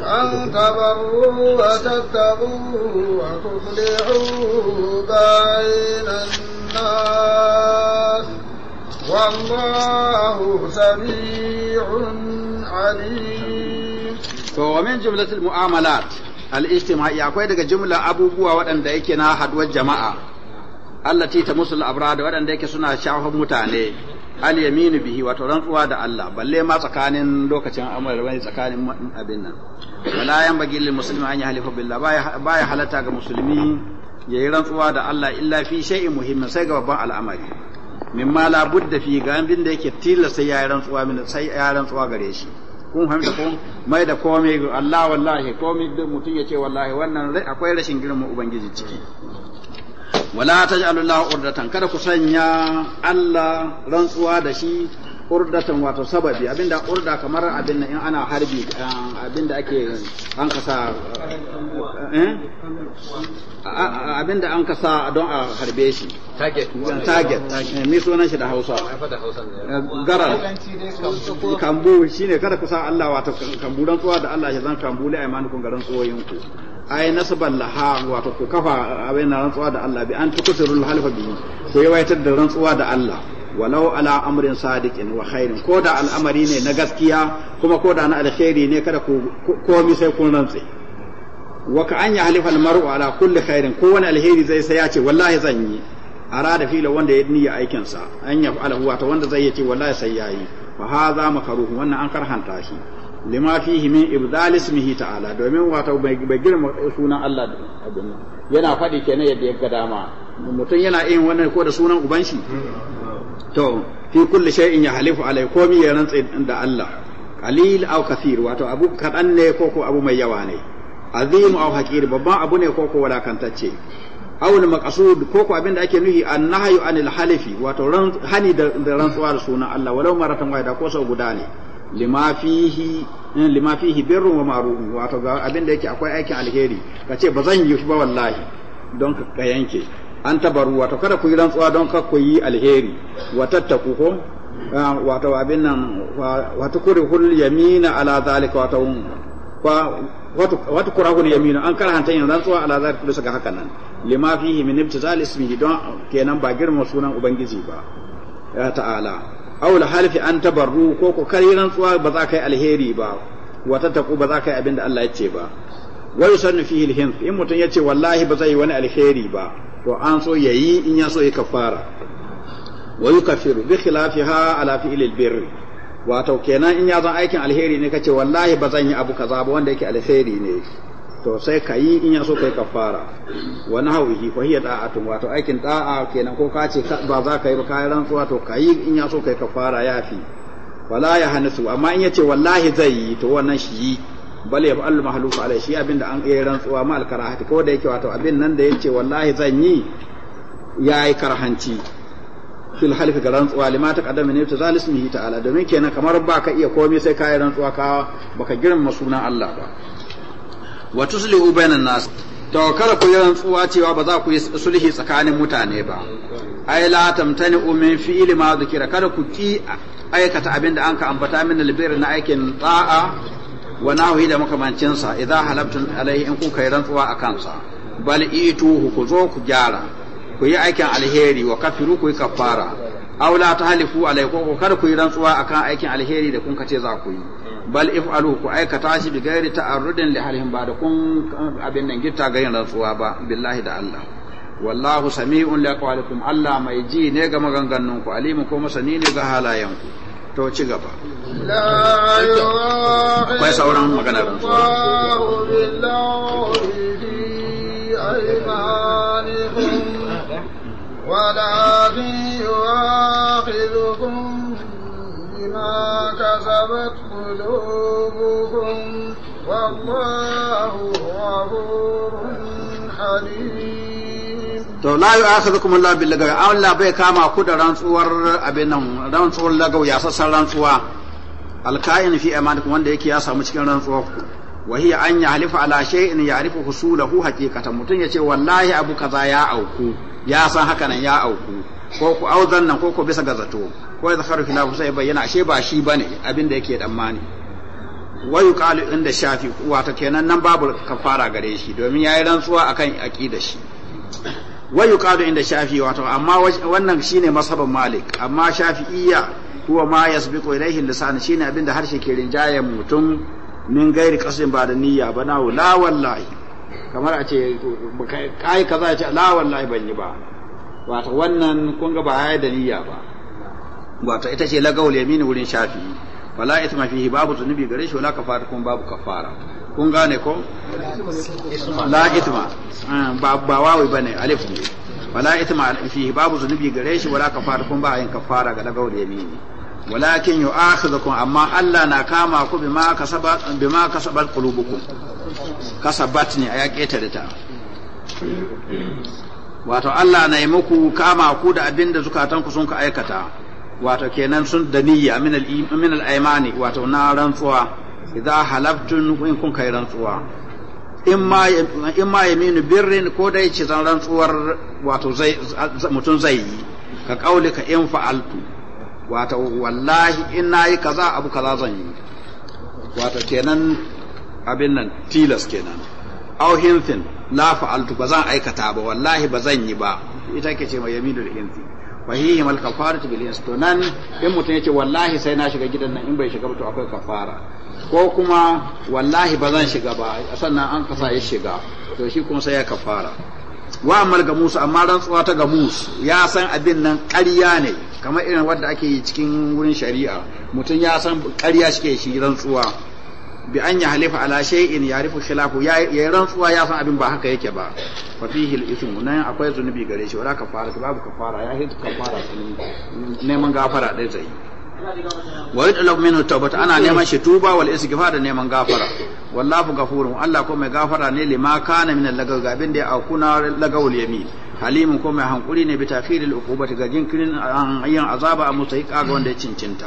an tabarru wa tattaqu a tuflihu bainan nas wallahu sami'un alim to wa min jumlatil mu'amalat al akwai daga jumla abubuwa waɗanda yake na haduwar jama'a allati ta musul abrada waɗanda yake suna shafan mutane al yaminu bihi wato rantsuwa da Allah balle ma tsakanin lokacin amr wani tsakanin abin nan wala yan bagi lil muslimi an yahlifa billah baya halatta ga musulmi yayi rantsuwa da Allah illa fi shay'in muhimmin sai ga babban al'amari mimma la budda fi ga abin da yake ya yayi rantsuwa min sai yayi rantsuwa gare shi kun fahimta kun mai da komai Allah wallahi komai da mutum ya ce wallahi wannan akwai rashin girman ubangiji ciki wala ji Allah urdatan kada ku sanya Allah rantsuwa da shi urdatan wato sababi abinda urda kamar abin in ana harbi eh, abinda ake an kasa eh, eh, abinda an kasa don a harbe shi target target mi sunan shi da Hausa garal kambu shine kada ku sa Allah wato kambu rantsuwa da Allah ya zan kambu li aymanukum garan tsoyinku ai nasban laha wato ku kafa abin na rantsuwa da Allah bi an tukusirul halifa bihi ku yawaitar da rantsuwa da Allah walau ala amrin sadiqin wa khairin ko da al'amari ne na gaskiya kuma ko da na alkhairi ne kada ku komi sai kun rantse wa ka an ya halifa almaru ala kulli khairin ko wani alheri zai sai ya ce wallahi zan yi ara da fila wanda ya niyya aikin sa an ya fa'ala wanda zai ce wallahi sai yayi fa hadha makaruh wannan an karhanta shi lima fihi min ibdal ismihi ta'ala domin wato bai girma sunan Allah abin yana faɗi kenan yadda ya ga dama mutum yana yin wannan ko da sunan uban shi to fi kulli shay'in ya halifu alai komi ya rantsa da Allah qalil aw kathir wato abu kadan ne ko ko abu mai yawa ne azim aw hakir babban abu ne ko ko walakantacce aw maqsud ko ko abinda ake nuhi annahyu anil halifi wato hani da rantsuwa da sunan Allah walau maratan wahida ko sau guda ne lima fihi eh, lima fihi birrun wa ma'rufun wato ga abin da yake akwai aikin alheri ka ce ba zan yi shi ba wallahi don ka yanke an tabaru wato kada ku yi rantsuwa don ka ku yi alheri wa tattaku ko eh, wato abin nan wato kuri hul yamina ala zalika wato wato kurahul yamina an hantar yin rantsuwa ala zalika bisa ga haka nan lima fihi min ibtizal ismihi don kenan ba girma sunan ubangiji ba eh, ta'ala awul halifi an tabarru ko ko kai rantsuwa ba za ka yi alheri ba wata taku ba za ka yi abin da Allah ya ce ba wa yusannu fihi alhinf in mutum ya ce wallahi ba zai yi wani alheri ba to an so yi in ya so ya kafara wa yukaffiru bi khilafiha ala ilil birri wato kenan in ya zan aikin alheri ne kace wallahi ba zan yi abu kaza ba wanda yake alheri ne to sai ka yi in ya so kai kafara wa nahwihi fa hiya da'atun wato aikin da'a kenan ko ka ce ba za ka yi ba ka rantsuwa to ka yi in ya so kai kafara fi wala ya hanisu amma in yace wallahi zai yi to wannan shi yi bal ya fa'al mahluf alai shi da an yi rantsuwa ma alkarahati ko da yake wato abin nan da ya ce wallahi zan yi yayi karhanci fil halifi ga rantsuwa lima ta kadama ne ta zalis ta'ala domin kenan kamar ba ka iya komai sai ka yi rantsuwa ka baka girma sunan Allah ba wa tusliu bainan nas to kada ku yi rantsuwa cewa ba za ku yi sulhi tsakanin mutane ba ai la tamtani min fi'li ma zikira kada ku ki aikata abin da anka ambata min albir na aikin ta'a wa nahi da makamancin sa idza halabtum in kun kai rantsuwa akan sa bal ituhu ku zo ku gyara ku yi aikin alheri wa kafiru ku yi kafara aw la tahlifu alai ko kada ku yi rantsuwa akan aikin alheri da kun kace za ku yi bal if'alu ku aikata shi bi gairi ta'arrudin li halihim ba da kun abin nan gitta ga yin rantsuwa ba billahi da Allah wallahu sami'un li aqwalikum Allah mai ji ne ga maganganun ku alimu ko masani ne ga halayen ku to ci gaba akwai sauran magana rantsuwa ولكن يؤاخذكم بما كسبت قلوبكم والله غفور حليم to la yu'akhidhukum Allah bil lagawi Allah bai kama ku da rantsuwar abin nan rantsuwar lagawi ya sassan rantsuwa alka'in fi amanikum wanda yake ya samu cikin rantsuwar ku wa hiya an halifa ala shay'in ya'rifu husulahu haqiqatan mutun yace wallahi abu kaza ya auku ya san haka nan ya auku ko ku auzan nan ko ku bisa ga zato ko ya zakaru filafu sai bayyana ashe ba shi bane abin da yake tsammani wayu yuqalu inda shafi wato kenan nan babu kafara gare shi domin yayi rantsuwa akan aqida shi Wayu yuqalu inda shafi wato amma wannan shine masabin malik amma shafi'iyya huwa ma yasbiqu ilayhi lisan shine abin da harshe ke rinjayen mutum min gairi kasin ba da niyya ba na la wallahi kamar a ce kai kaza ya ce la wallahi ban yi ba wato wannan kun ga ba ya da niyya ba wato ita ce lagawul yamin wurin shafi wala ithma fihi babu zunubi gare shi wala kafara kun babu kafara kun gane ko la ma ah, ba ba wawi bane alif ne wala ithma fihi babu zunubi gare shi wala kafara kun ba yin kafara ga lagawul yamin walakin yu'akhidhukum amma Allah na kama ku bima kasabat bima kasabat qulubukum kasabat ne ya da ta wato Allah na yi muku kama ku da abin da zukatanku sun ka aikata wato kenan sun da niyya min al-aymani wato na rantsuwa idza halaftun in kun kai rantsuwa in ma yaminu birrin ko dai ci zan rantsuwar wato zai mutum zai yi ka ka in fa'altu wato wallahi in nayi kaza abu kaza zan yi wato kenan abin nan tilas kenan aw hintin la fa'altu ba zan aikata ba wallahi ba zan yi ba ita ke ce mai yaminul hinti wa hihi mal kafaratu bil hins to nan in mutum yace wallahi sai na shiga gidan nan in bai shiga ba to akwai kafara ko kuma wallahi ba zan shiga ba sannan an kasa ya shiga to shi kuma sai ya kafara wa amal ga musu amma rantsuwa ta ga musu ya san abin nan ƙarya ne kamar irin wanda ake yi cikin wurin shari'a mutum ya san ƙarya shi ke shi rantsuwa bi an ya halifa ala shay'in yarifu khilafu ya yi rantsuwa ya san abin ba haka yake ba fa fihi al-ithm nan akwai zunubi gare shi wala kafara babu kafara ya hidu kafara neman gafara dai zai wa yutlab minhu tawbat ana neman shi tuba wal istighfar da neman gafara wallahu ghafurun Allah ko mai gafara ne lima kana min al-lagaw gabin da ya akuna lagawul yamin halimun ko mai hankuri ne bi takhiril uqubati ga jinkirin yin azaba a mutaiqa ga wanda ya cincinta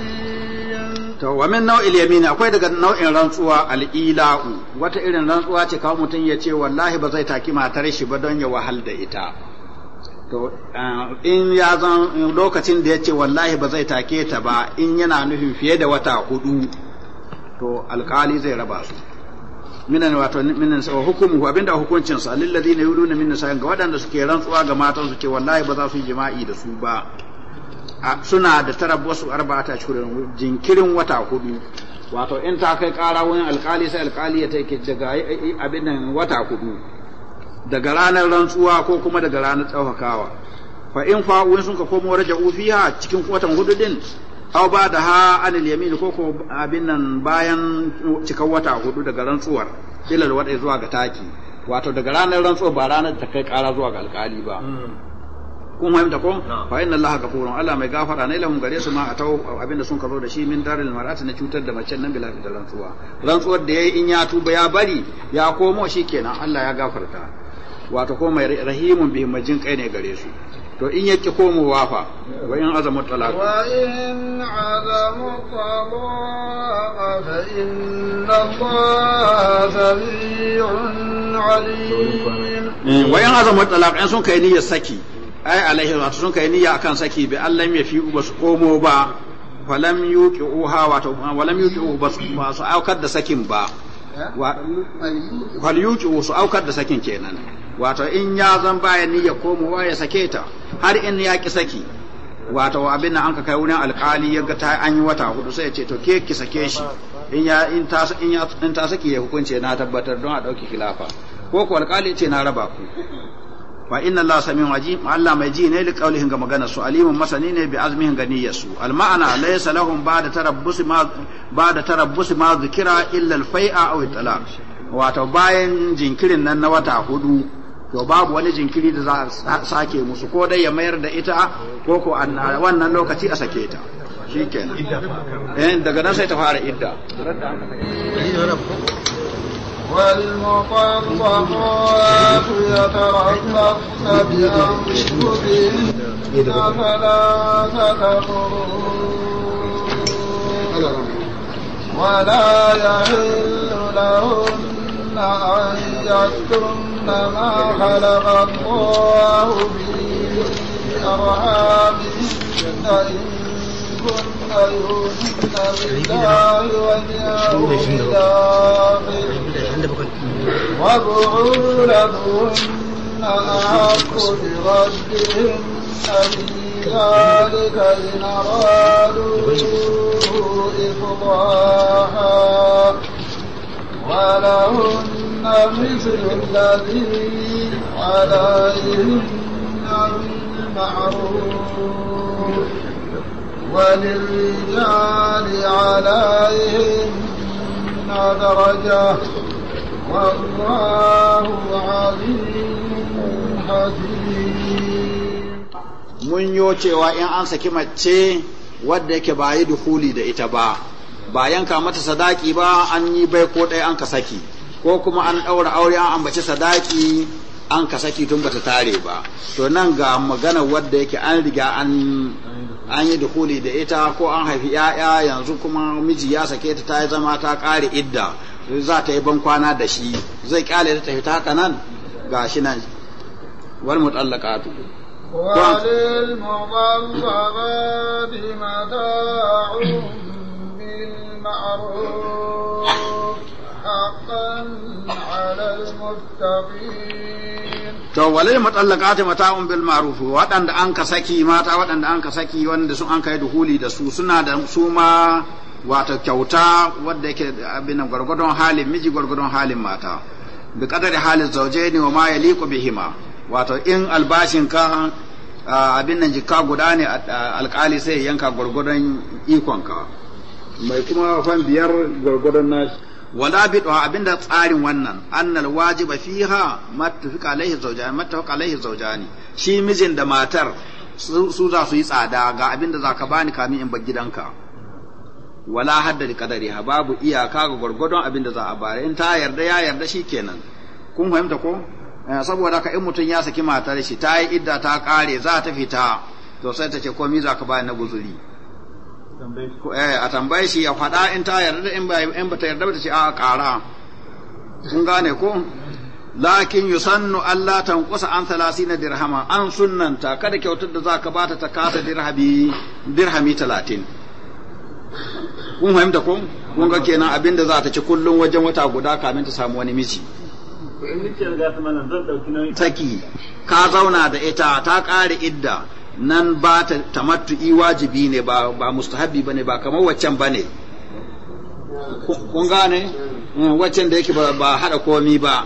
to wa min nau'il yamini akwai daga nau'in rantsuwa al'ila'u wata irin rantsuwa ce kawai mutum ya ce wallahi ba zai taki matar shi ba don ya wahal da ita to eh, in ya zan lokacin da ya ce wallahi ba zai take ta ba in yana nufin fiye da wata hudu to alkali zai raba su minan wato minan sa hukumu abinda hukuncin sa lil yuluna min sa ga wadanda suke rantsuwa ga matan su ce wallahi ba za su yi jima'i da su ba suna da tarabbasu arba'ata shirin jinkirin wata hudu wato in ta kai kara wani alkali sai alkali ya take daga eh, eh, eh, abin nan wata hudu daga ranar rantsuwa ko kuma daga ranar tsawakawa fa in wani sun ka komo Raja ufiya cikin watan hudu din aw ba da ha anil yamin ko ko abin nan bayan cikan wata hudu daga rantsuwar ilal wadai zuwa ga taki wato daga ranar rantsuwa ba ranar ta kai kara zuwa ga alkali ba hmm. kun fahimta ko fa inna allaha ghafurun allah mai gafara ne lahum gare su ma a atau abinda sun kazo da shi min daril mar'ati na cutar da mace nan bilafi da rantsuwa rantsuwar da yayi in ya tuba ya bari ya komo shikenan allah ya gafarta wato ko mai rahimun bi majin kai ne gare su to in yake komo wafa wa in azamu talaq wa in azamu talaq fa inna allaha sami'un alim wa in azamu talaq in sun kai ya saki ai alaihi wato sun kai niyya akan saki bi Allah ya fi ba su komo ba falam yuqi uha wato walam yuqi ba su aukar da sakin ba wal yuqi su aukar da sakin kenan wato in ya zan baya niyya komowa ya sake ta har in ya ki saki wato abin nan an ka kai wurin alƙali ya ga ta an yi wata hudu sai ya ce to ke ki sake shi in ya in ta in ya in ta saki ya hukunce na tabbatar don a dauki khilafa ko ko alƙali ce na raba ku wa inna Allah samiun ajim Allah mai ji ne li qaulihin ga magana su alimun masani ne bi azmihin ga niyyarsu, al ma'ana laysa lahum ba'da tarabbus ma ba'da ma zikira illa al fai'a aw wato bayan jinkirin nan na wata hudu to babu wani jinkiri da za a sake musu ko dai ya mayar da ita ko ko wannan lokaci a sake ta shikenan eh, daga nan sai ta fara idda وللمطلقات يتربصن بأنفسهن ثلاثة قرون ولا يحل لهن أن يكتمن ما خلق الله في أرحامهن إن كن يؤمن بالله واليوم الآخر اللي بقول أحق بردهن ولهن مثل الذي عليهن بالمعروف وللرجال عليهن درجة mun yo cewa in an saki mace wadda yake ba yi dukuli da ita ba ba yanka mata sadaki ba an yi bai ko ɗaya an ka saki ko kuma an ɗaura aure an ambaci sadaki an ka saki tun bata tare ba to nan ga magana wadda yake an riga an an yi dukuli da ita ko an haifi 'ya'ya yanzu kuma miji ya sake ta ta zama ta ƙare idda za ta yi bankwana da shi zai kyale ta tafi ta haka nan ga shi nan wal mutallaqatu وللمطلقات متاع بالمعروف حقا على المتقين to walil matallaqati mata'un bil ma'ruf waɗanda an ka saki mata waɗanda an ka saki wanda sun an kai duhuli da su suna da su ma Wata kyauta wadda yake abin gwargwadon halin miji gwargwadon halin mata bi kadari halin zauje ne wa ma ya liku bihima wato in albashin ka abin nan jikka guda ne alkali sai yanka gwargwadon ikonka mai kuma fan biyar gwargwadon nashi wala bid'a abinda tsarin wannan annal wajiba fiha mattafiqa alaihi zawjani mattafiqa alaihi zawjani shi mijin da matar su za su yi tsada ga abinda zaka bani kamin in bar gidanka wala haddari ha babu iyaka ga gwargwadon abin da za a bayar in ta yarda ya yarda shikenan kun fahimta ko eh, saboda ka in mutum ya saki matar shi ta yi idda ta kare za ta fita to sai ta ce komai za ka bayar na guzuri eh, a tambaye shi ya faɗa in ta yarda in ba ta yarda ba ta ce a ƙara kun gane ko lakin yusannu Allah tanqusa an 30 dirhama an sunnanta kada kyautar da za ka bata ta kasa dirhami dirhami 30 kun fahimta ko kun ga kenan abin da za ta ci kullum wajen wata guda kamin ta samu wani miji saki ka zauna da ita ta ƙare idda nan ba ta tamattu'i wajibi ne ba ba mustahabi bane ba kamar waccan bane kun gane mm, waccan da yake ba haɗa komi ba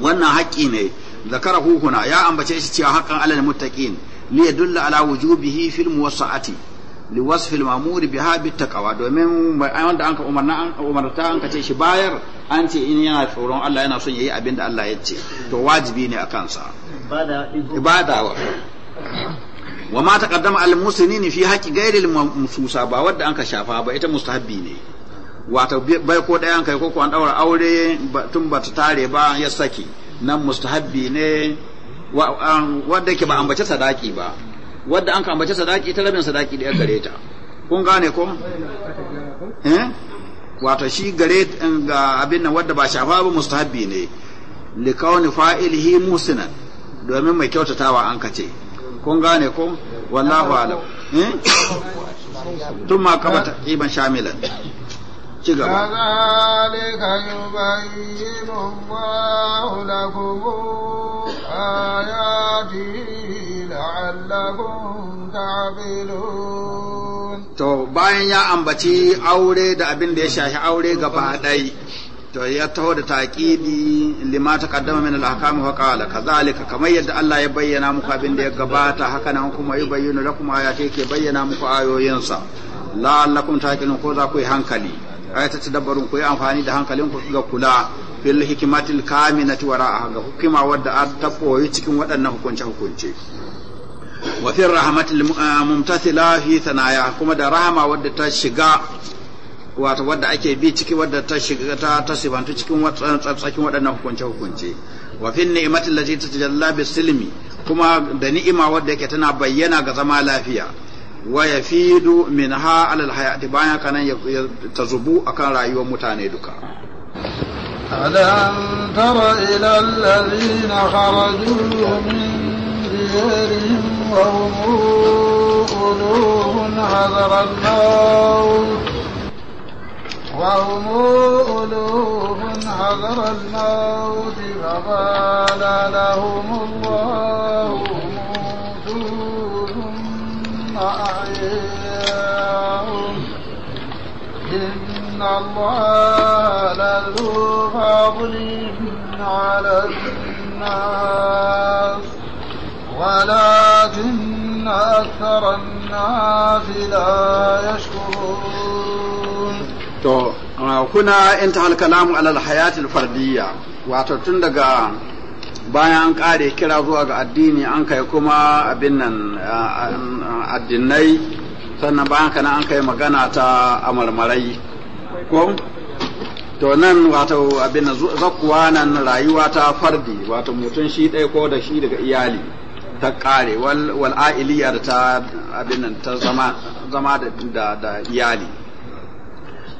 wannan haƙƙi ne zakara hukuna ya ambace shi cewa haƙƙan alal muttaqin li yadulla ala wujubihi fil muwassa'ati li wasfi al-ma'muri biha bi taqwa domin wanda an umarna umarta an ce shi bayar an ce in yana tsoron Allah yana son yayi abin da Allah ya ce to wajibi ne akan sa ibada wa wa ma taqaddama al-muslimin fi haqqi ghairi al-mamsusa ba wanda an shafa ba ita mustahabbi ne wato bai ko ɗayan kai ko ko an daura aure tun ba ta tare ba ya saki nan mustahabbi ne wanda yake ba ambace sadaki ba wadda an kambace sadaki ita rabin sadaki da gare ta kun gane ko eh wato shi gare eh, ga abin nan wadda ba shafa ba mustahabbi ne li kauni fa'ilihi musinan domin mai kyautatawa an kace kun gane ko wallahu alam eh ma kabata iban shamilan ci gaba yubayyinu Allahu lakum ayatihi to bayan ya ambaci aure da abin da ya shafi aure gaba ɗai to ya taho da taqidi lima taqaddama min al-ahkam wa qala kadhalika kamar yadda Allah ya bayyana muku abin da ya gabata haka nan kuma ya bayyana lakum ayati ke bayyana muku ayoyinsa la'allakum taqilun ko za ku yi hankali ayata tadabbarun ku yi amfani da ku ga kula fil hikmatil kaminati wara'a ga hukuma wadda an ta koyi cikin waɗannan hukunce hukunce wa fi rahmatil ah, mumtasila fi sanaya kuma da rahama wadda ta shiga wato wadda ake bi ciki wadda ta shiga ta ta sibantu cikin ah, tsatsakin waɗannan hukunce hukunce wa fi ni'matil lati tajalla bisilmi kuma da ni'ima wadda yake tana bayyana ga zama lafiya wa yafidu minha alal hayati bayan kanan ya tazubu akan rayuwar mutane duka ألم تر إلى الذين خرجوا من ديارهم وهم ألوه حذر الموت وهم ألوه حذر الموت فقال لهم الله موتوا ثم أحياهم إن الله لذو فضل على الناس ولكن أكثر الناس لا يشكرون to kuna inta halkalamu alal hayatil fardiyya wato tun daga bayan an kare kira zuwa ga addini an kai kuma abin nan addinai sannan bayan kana an kai magana ta amarmarai ko to nan wato abin nan zakkuwa nan rayuwa ta fardi wato mutum shi ɗaya ko da shi daga iyali ta ƙare wal a'iliyar ta abin ta zama da iyali.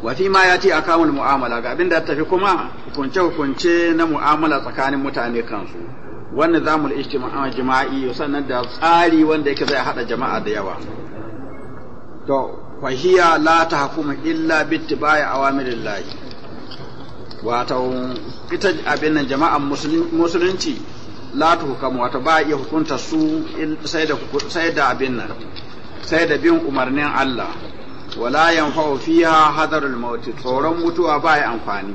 Wafi ma ya ce a kawun mu'amala ga abin da tafi kuma hukunce hukunce na mu'amala tsakanin mutane kansu wannan zamul ijtima'i jima'i sannan da tsari wanda yake zai haɗa jama'a da yawa to fahiya la tahkumu illa baya bittiba'i awamirillahi Wata ita abin nan jama'an musulunci la hukamu wata ba iya hukunta su sai da abin nan sai da bin umarnin Allah wala yanfa'u fiha hadarul maut tsoron mutuwa ba ya amfani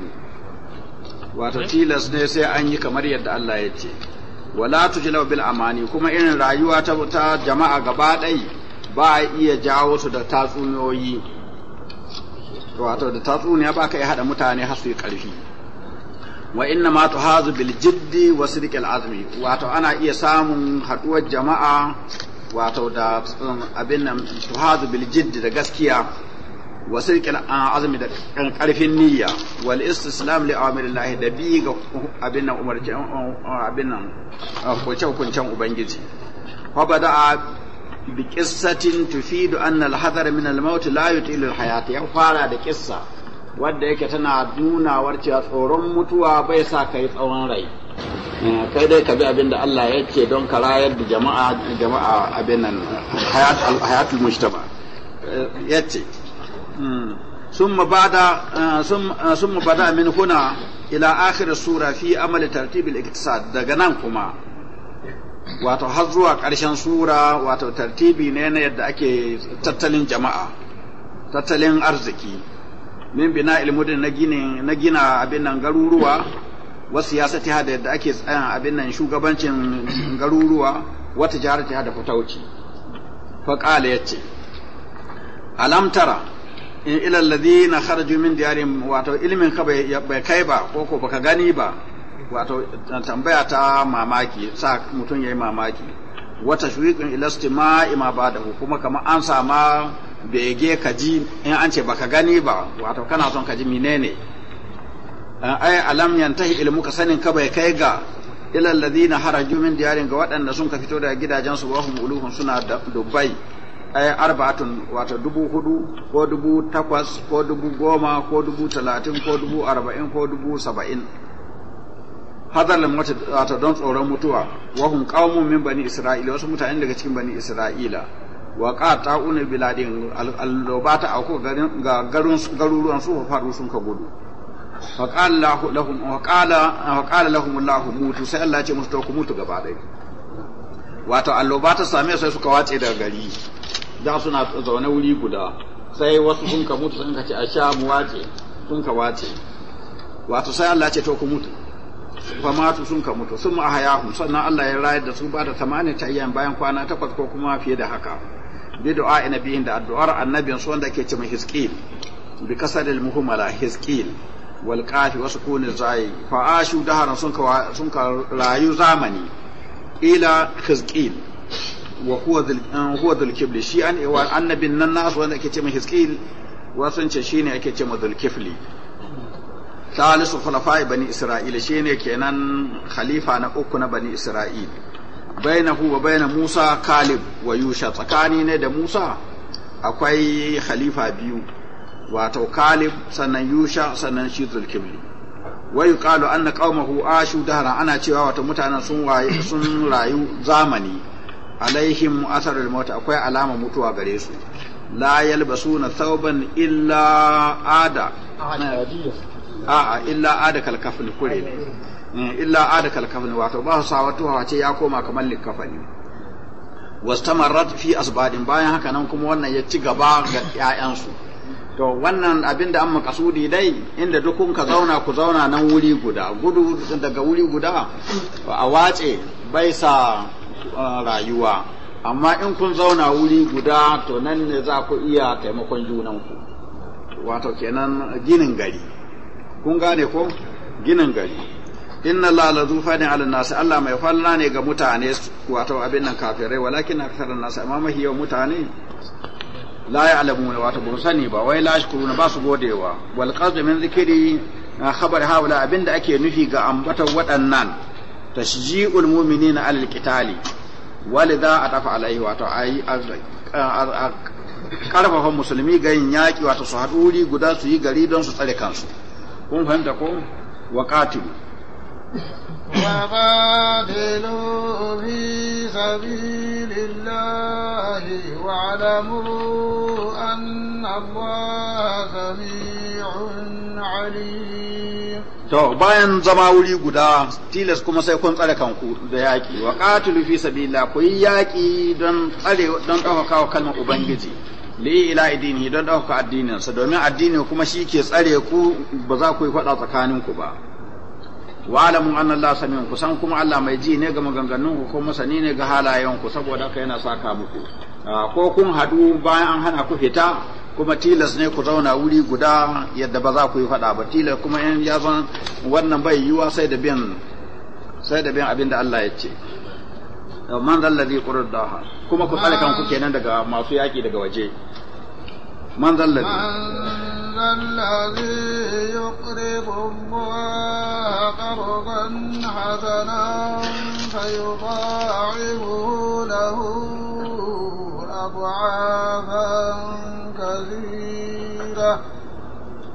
wato eh? tilas ne sai an yi kamar yadda Allah ya ce wala tujlaw bil amani kuma irin rayuwa ta, ta jama'a gaba dai ba iya jawo su da tatsuniyoyi wato da tatsuniya ba ka iya haɗa mutane har su yi ƙarfi wa inna ma tuhazu bil jiddi wa sidqil azmi wato ana iya samun haduwar jama'a wato da um, abin nan tuhazu bil jiddi da gaskiya wa sidqil uh, azmi da karfin niyya wal istislam li amrillah da bi ga abin nan umar um, um, abin nan hukunce hukuncen ubangiji fa bada bi qissatin tufidu anna al hadar min al maut la yutilu al hayat ya fara da qissa wadda yake tana nunawar cewa tsoron mutuwa bai sa ka yi tsawon rai eh, kai dai ka bi abin da Allah ya ce don ka rayar da jama'a jama'a abin nan hayatul mujtama eh, ya ce sun mu ثم بدا من هنا الى اخر السوره في عمل ترتيب daga nan kuma wato har zuwa karshen sura wato tartibi ne na yadda ake tattalin jama'a tattalin arziki min bina ilmudin na gina na gina abin nan garuruwa wa siyasati hada yadda ake tsayan abin nan shugabancin garuruwa wa tijarati hada fatauci fa qala yace alam tara in ila alladhina kharaju min diyarihim wato ilmin ka bai kai ba ko ko baka gani ba wato tambaya ta mamaki sa mutum yayi mamaki wata tashwiqin ila istima'i ma ba'dahu kuma kamar an sama bege ka ji in an ce baka gani ba wato kana son ka ji menene ai alam yantahi ilmu ka sanin ka bai kai ga ila alladhina haraju min diyarin ga waɗanda sun ka fito daga gidajensu su wahum uluhun suna dubai ai arba'atun wato dubu hudu ko dubu takwas ko dubu goma ko dubu talatin ko dubu arba'in ko dubu saba'in hadarin wata don tsoron mutuwa wahun qaumun min bani isra'ila wasu mutanen daga cikin bani isra'ila wa qata'una biladin allobata ako garin ga garun garuruwan su faru sun ka gudu fa qala lahum wa qala wa mutu sai Allah ce musu ku mutu gaba ɗai wato allobata same sai suka wace daga gari da suna zaune wuri guda sai wasu sun ka mutu sun ka ce a sha mu wace sun ka wace wato sai Allah ce to ku mutu fa matu sun ka mutu sun ma hayahum sannan Allah ya rayar da su ba da tamanin tayyan bayan kwana takwas ko kuma fiye da haka bi du'a nabiyin da addu'ar annabin su wanda ke ce mai bi muhmala wal zai fa ashu daharan sun sun ka rayu zamani ila hisqil wa huwa dhul huwa dhul kibli shi an annabin nan nasu wanda ke ce mai ce shine ake ce mai dhul kifli bainahu wa baina Musa Kalib wa Yusha tsakani ne da Musa akwai khalifa biyu wato Kalib sannan Yusha sannan shi Zulkifli wa yuqalu anna qaumahu ashu dahra ana cewa wato mutanen sun waye sun rayu zamani alaihim asarar maut akwai alama mutuwa gare su la yalbasuna thawban illa ada a'a illa ada kalkafin kure ne Eh, illa ada kalkafani wato ba su sawa tuhawa ce ya koma kamar likafani wastamarrat fi asbadin bayan haka nan kuma wannan ya ci gaba ga 'ya'yansu to wannan abin da an makasudi dai inda duk kun ka zauna ku zauna nan wuri guda gudu daga wuri guda a wace bai sa uh, rayuwa amma in kun zauna wuri guda to nan ne za ku iya taimakon junanku wato kenan ginin gari kun gane ko ginin gari inna Allah la zu fadin ala nasi Allah mai falla ne ga mutane wato abin nan kafirai walakin akthar nasi amma mahi yawan mutane la ya'lamuna wato ba sani ba wai la shkuruna ba su godewa wal qasd min zikri ah, khabar haula abinda ake nufi ga ambatar waɗannan tashji'ul mu'minina alal qitali walidha atafa alaihi wato ayi karfafa musulmi ga yin yaƙi wato su haɗuri guda su yi gari don su tsare kansu kun fahimta ko wa qatilu وقاتلوا في سبيل الله واعلموا أن الله سميع عليم To bayan zama wuri guda tilas kuma sai kun tsare kanku da yaƙi wa qatilu fi ku yi yaƙi don tsare don ɗaukaka kalmar ubangiji li ila idini don ɗaukaka addininsa domin addini kuma shi ke tsare ku ba za ku yi faɗa tsakaninku ba wa alamu anna Allah samiun san kuma Allah mai ji ne ga maganganun ku kuma masani ne ga halayen ku saboda haka yana saka muku ah, ko kun hadu bayan an hana ku fita kuma tilas ne ku zauna wuri guda yadda ba za ku yi faɗa ba tilas kuma in ya zan wannan bai yiwa sai da bin sai da bin abin da Allah ya ce ah, man zallazi qurdaha kuma ku tsare kanku kenan daga masu yaki daga waje man zallazi يقرض الله قرضا حسنا فيضاعفه له أضعافا كثيرة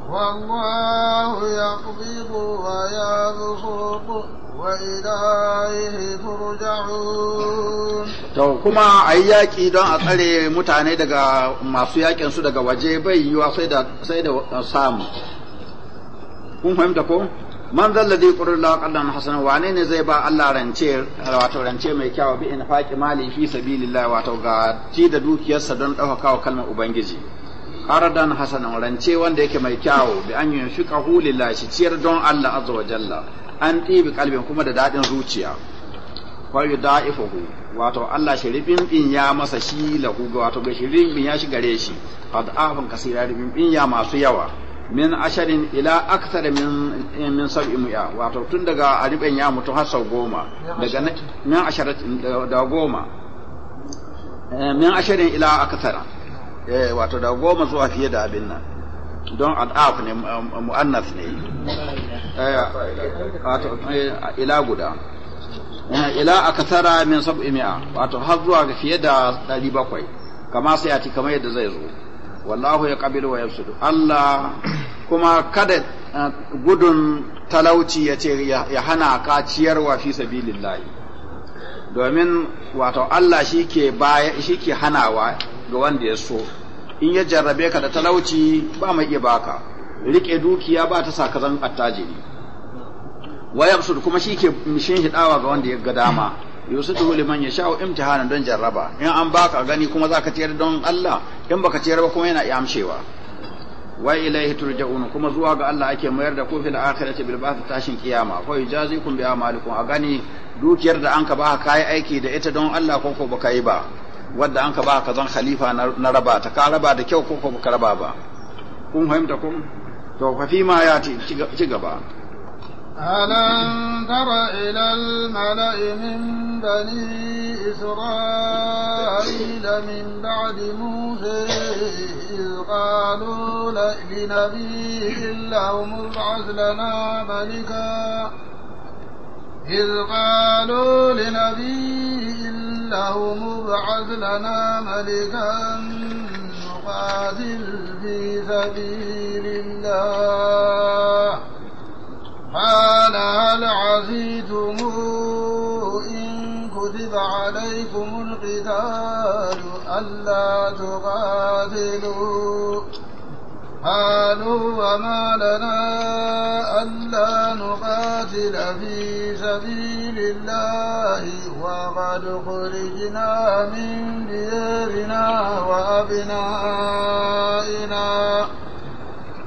والله يقبض ويبسط وإليه ترجعون to kuma a yi yaƙi don a tsare mutane daga masu yaƙinsu daga waje bai yiwuwa sai da samu kun fahimta ko man zalla zai ƙurar laƙadan hasana wane ne zai ba Allah rance wato rance mai kyawa bi in faƙi mali fi sabilillah wato ga ci da dukiyarsa don ɗaukaka wa kalmar ubangiji aradan hasana rance wanda yake mai kyawu bi an yunfiqahu lillahi shi ciyar don Allah azza wa jalla an ɗibi kalbin kuma da daɗin zuciya wa yudaifuhu wato Allah shiribin bin ya masa shi lahu wato ga rubin ya shi gare shi qad afan kasira rubin bin ya masu yawa min asharin ila akthar min eh, min sab'i mu'a wato tun daga ariban ya mutu har sau goma daga min asharat da goma eh, min asharin ila akthar eh wato da goma zuwa fiye da abin nan don adaf ne muannas ne eh wato eh, ila guda ila akthara min sab'i mi'a wato har zuwa fiye da 700 kama sai a ci kamar yadda zai zo wallahu ya kabilu wa yabsudu Allah kuma kada eh, gudun talauci ya ce ya hana ka ciyarwa fi domin wato Allah shi ke shi hanawa ga wanda ya so in ya jarrabe ka da talauci ba mai iya baka rike dukiya ba ta sakazan attajiri wa yabsud kuma shi ke mishin hidawa ga wanda ya ga dama yusudu liman yasha'u imtihanan don jarraba in an baka gani kuma zaka ciyar don Allah in baka ciyar ba kuma yana ya amshewa wa ilaihi turja'un kuma zuwa ga Allah ake mayar da ku fil akhirati bil ba'th tashin kiyama fa yujazikum bi amalikum a gani dukiyar da anka ba kai aiki da ita don Allah ko ko baka yi ba wanda anka ba ka zan khalifa na raba ta ka raba da kyau ko ko baka raba ba kun fahimta kun to fa fi ma ya ci gaba ألم تر إلى الملأ من بني إسرائيل من بعد موسى إذ قالوا لنبي لهم ابعث لنا ملكا إذ قالوا لنبي لهم ابعث لنا ملكا نقاتل في سبيل الله قال هل عزيتم إن كتب عليكم القتال ألا تقاتلوا قالوا وما لنا ألا نقاتل في سبيل الله وقد خرجنا من ديارنا وأبنائنا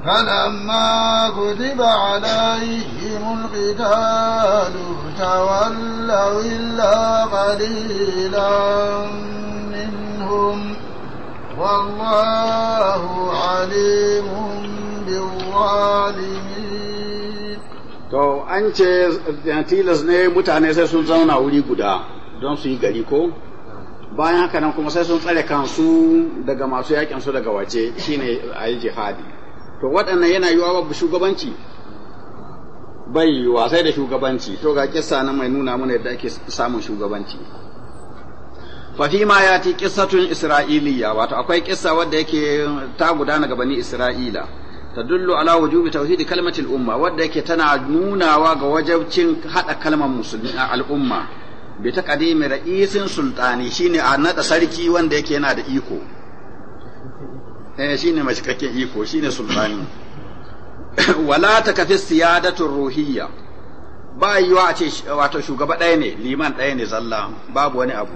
فلما كتب عليهم القتال تولوا إلا قليلا منهم والله عليم بالظالمين to an ce tilas ne mutane sai sun zauna wuri guda don su yi gari ko bayan haka nan kuma sai sun tsare kansu daga masu yakin su daga waje shine a yi jihadi to waɗannan yana yiwa babu shugabanci bai wasai da shugabanci to ga kissa nan mai nuna mana yadda ake samun shugabanci Fahima ya ti kissatun Isra'iliya wato akwai kisa wadda yake ta gudana ga bani Isra'ila Ta tadullu ala wujubi tauhid kalmatil umma wadda yake tana nunawa ga wajabcin hada kalmar musulmi a al'umma bi taqdimi ra'isin sultani shine a nada sarki wanda yake yana da iko eh shine mai cikakken iko shine sultani [coughs] wala ta kafi siyadatul ruhiyya ba yiwa a ce wato shugaba ɗaya ne liman ɗaya ne zalla babu wani abu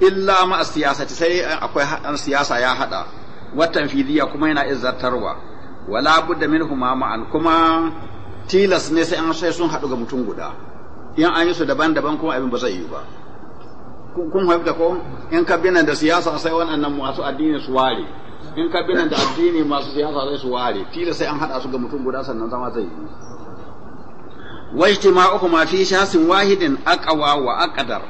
illa ma siyasa sai akwai siyasa ya haɗa. watan fidiya kuma yana izzartarwa wala budda huma ma'an kuma tilas ne sai an sai sun haɗu ga mutum guda in an yi su daban-daban kuma abin ba zai yi ba kun fahimta ko in ka binan da siyasa sai waɗannan masu addini su ware in ka binan da addini masu siyasa sai su ware tilo sai an haɗa su ga mutum guda sannan zama zai yi wa ma fi shasin wahidin aqwa wa aqdar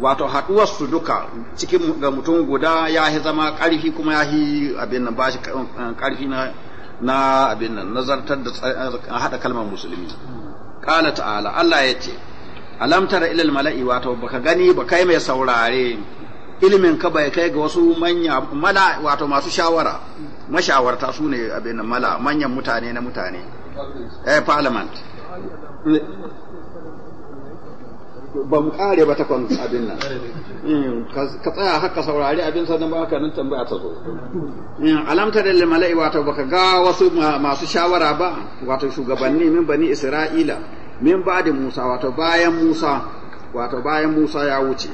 wato haɗuwar su duka cikin ga mutum guda ya yi zama ƙarfi kuma ya yi abin nan bashi eh, ƙarfi na na abin nan nazartar da haɗa kalmar musulmi qala ta'ala Allah ya ce alam tara ilal mala'i wato baka gani ba kai mai saurare ilimin ka bai kai ga wasu manya mala wato masu shawara mashawarta su ne abin mala manyan mutane na mutane eh parliament ba mu kare ba takwan abin nan hmm, ka tsaya haka saurari abin sannan ba ka nan tambaya ta zo hmm, alamtar da mala'i wato baka ga wasu masu shawara ba wato shugabanni min bani isra'ila min ba da Musa wato bayan Musa wato bayan Musa ya wuce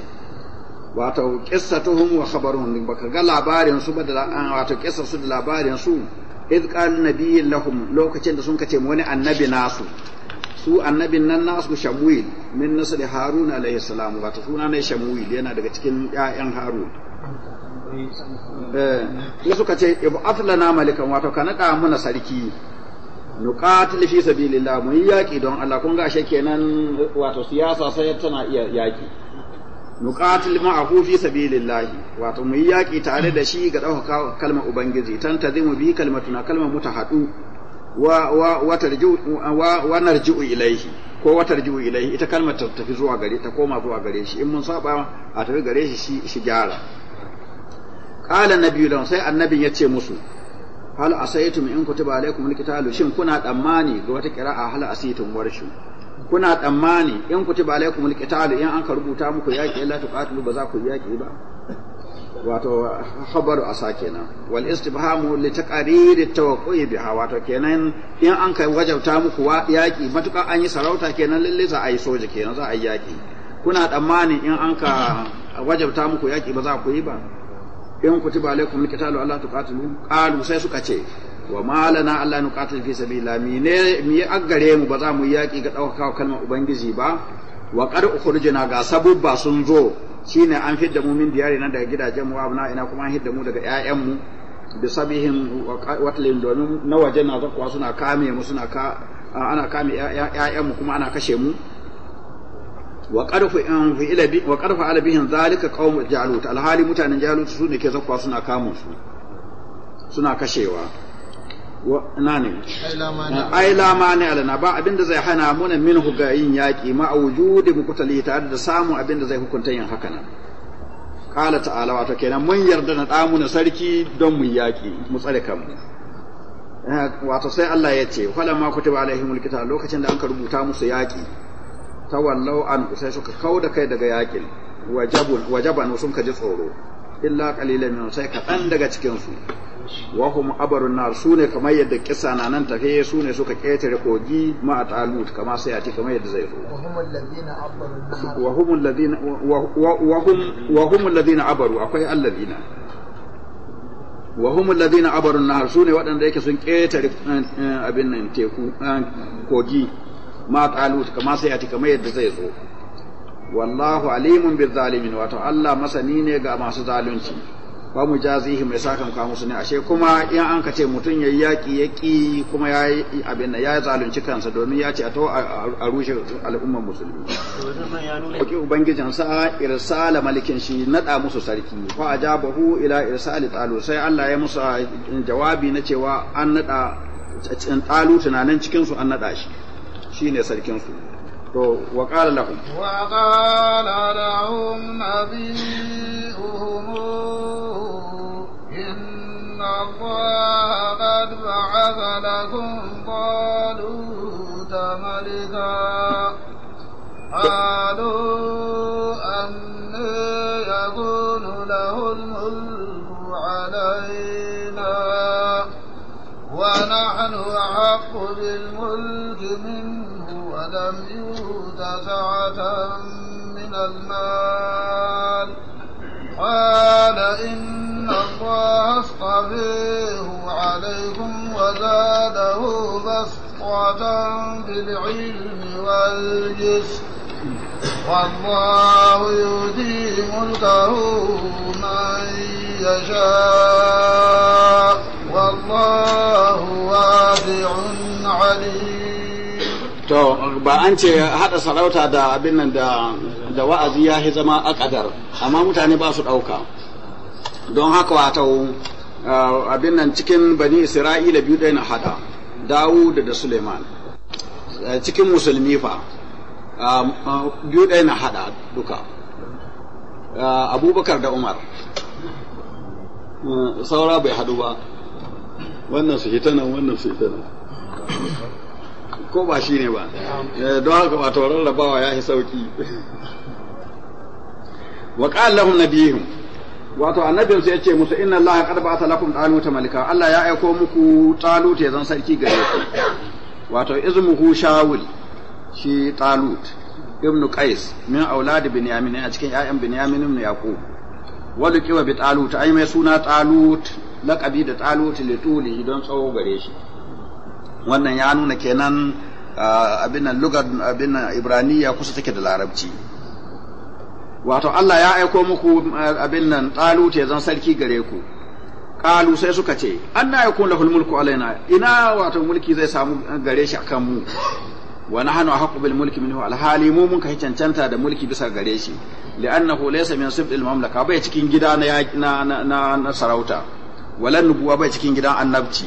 wato kissatuhum wa khabaruhum baka ga labarin su ba da ah, wato su da labarin su id qala nabiyyin lahum lokacin da sun kace wani annabi nasu su annabin nan nasu shamuil min da harun alayhi salam wato suna ne shamuil yana daga cikin ƴaƴan harun eh su ce ibu aflana malikan wato ka da mana sarki nuqatil fi sabilillah mu yaki don Allah kun ga ashe kenan wato siyasa sai tana iya yaki nuqatil ma'ahu fi sabilillah wato mu yaki tare da shi ga dauka kalmar ubangiji tan tazimu bi kalmatuna kalmar mutahadu wa wa wa wa wanarju ilaihi ko watarju ilaihi ita kalmar ta tafi zuwa gare ta koma zuwa gare shi in mun saba a tafi gare shi shi gyara qala nabiyyu sai annabin yace musu hal asaitum in kutiba alaikum alkitalu shin kuna tsammani ga wata qira'a hal asaitum warshu kuna tsammani in kutiba alaikum alkitalu in an ka rubuta muku yaki illa tuqatilu ba za ku yaki ba wato khabaru asa kenan wal istibhamu li taqrir at bi biha wato kenan in an kai wajabta muku yaki matuka an yi sarauta kenan lalle za a yi soja kenan za a yi yaki kuna tsammani in an ka wajabta muku yaki ba za ku yi ba in kutiba alaikum Allah alla tuqatilu qalu sai suka ce wa malana Allah nu nuqatil fi sabilillah mi ne mi aggare mu ba za mu yaki ga dauka kalmar ubangiji ba wa qad ukhrijna ga sabubba sun zo shine an fidda mu min diyari nan daga gidajen mu abuna ina kuma an hidda mu daga ƴaƴan mu bi sabihin watlin domin na waje na zakwa suna kame mu suna ka ana kame ƴaƴan mu kuma ana kashe mu wa qarfu in ala zalika qaum jalut alhali mutanen jalut su ne ke zakwa suna kamun su suna kashewa nani ai la mani alana ba abinda zai hana munan min ga yin yaƙi ma a wujudi mukutali tare da samun abinda zai hukunta yin haka nan qala ta'ala wato kenan mun yarda na da na sarki don mu yaƙi, mu tsare kanmu eh, wato sai Allah ya ce falamma kutiba alaihimul kitab lokacin da aka rubuta musu yaƙi. tawallau an sai suka kauda kai daga yakin wajabun wajaban sun kaji tsoro illa qalilan min sai kaɗan daga cikin su wa hum abarun nar sune kamar yadda kisa na nan tafe sune suka ketare kogi ma talut kama sai a ci kamar yadda zai zo wa hum alladhina wa hum wa hum alladhina abaru akwai alladhina wa hum alladhina abaru nar sune waɗanda yake sun ketare eh, eh, abin nan teku eh, kogi ma qalu kama sai ati kamar yadda zai zo wallahu alimun bil zalimin wato Allah masani ne ga masu zalunci fa mujazihi mai sa ka musu ne ashe kuma in an ka ce mutun yayi yaki yaki kuma yayi abin da ya zalunci kansa domin ya ce a to a rushe al'umman musulmi ko ubangijin sa irsala malikin shi nada musu sarki fa ajabahu ila irsali talu sai Allah ya musu jawabi na cewa an nada talu tunanin cikin su an nada shi shine sarkin su to wa qala lahum wa qala lahum uhumu inna allaha qad ba'atha lakum ta malika قالوا أن يكون له wa علينا ونحن أحق لم يؤت سعة من المال قال إن الله اصطفيه عليكم وزاده بسطة بالعلم والجسم والله يؤتي ملكه من يشاء والله واسع عليم ba an ce hada sarauta da abin nan da da wa'azi ya yi zama a ƙadar, amma mutane ba su dauka don haka wato abin nan cikin bani isra'ila biyu ɗaya na hada dawud da suleiman cikin musulmi fa biyu ɗaya na hada duka abubakar da umar saura bai hadu ba wannan su hitana wannan su hitana ko ba shi ne ba eh, don haka ba tauran rabawa ya yi sauki wa lahum nabihim wato annabin su ce musu inna allaha qad ba'atha lakum taluta malika Allah ya aiko muku talut ya zan sarki gare ku wato izmuhu shawul shi talut ibn qais min aulad binyamin a cikin bin binyamin ibn yaqub wal kiwa bi talut ai mai suna talut laqabi da talut lituli don tsawo gare shi wannan ya nuna kenan ah, abin lugar abin ibraniya kusa take da larabci wato Allah ya aiko muku ah, abin nan zan sarki gare ku qalu sai suka ce anna yakun lahul mulku alaina ina wato mulki zai samu gare shi akan mu wa nahnu ahqqu bil mulki minhu al hali mu mun kai cancanta da mulki bisa gare shi li'annahu laysa min sib'il mamlaka bai cikin gida na na na, sarauta wala nubuwa bai cikin gidan annabci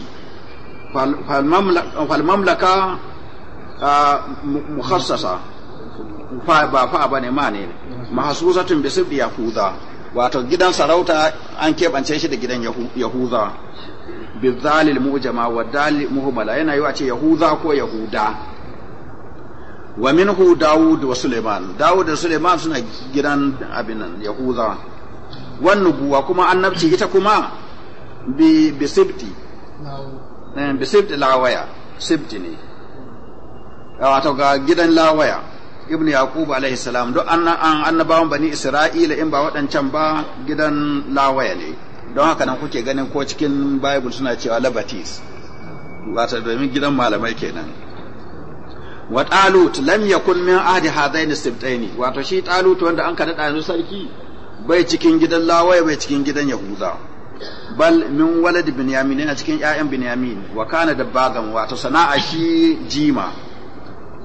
فالمملكة مخصصة ba fa ba ne ma ne mahsusatun bi sibbi yahuda wato gidan sarauta an keɓance shi da gidan yahuda bi zalil mujama wa dalil muhmala yana yi ce yahuda ko yahuda wa minhu dawud wa suleiman dawud da suleiman suna gidan abinan yahuda wan nubuwa kuma annabci ita kuma bi sibti Eh, bi sibt lawaya sibt ne wato ga gidan lawaya ibnu yaqub alaihi salam duk annan an annabawan bani isra'ila in ba waɗancan ba gidan lawaya ne don haka nan kuke ganin ko cikin bible suna cewa labatis wato domin gidan malamai kenan wa talut lam yakun min ahdi hadaini sibtaini wato shi talut wanda an ka daɗa sarki bai cikin gidan lawaya bai cikin gidan yahuza bal min walad binyamin yana cikin ƴaƴan binyamin wa kana dabbagan wato sana'a shi jima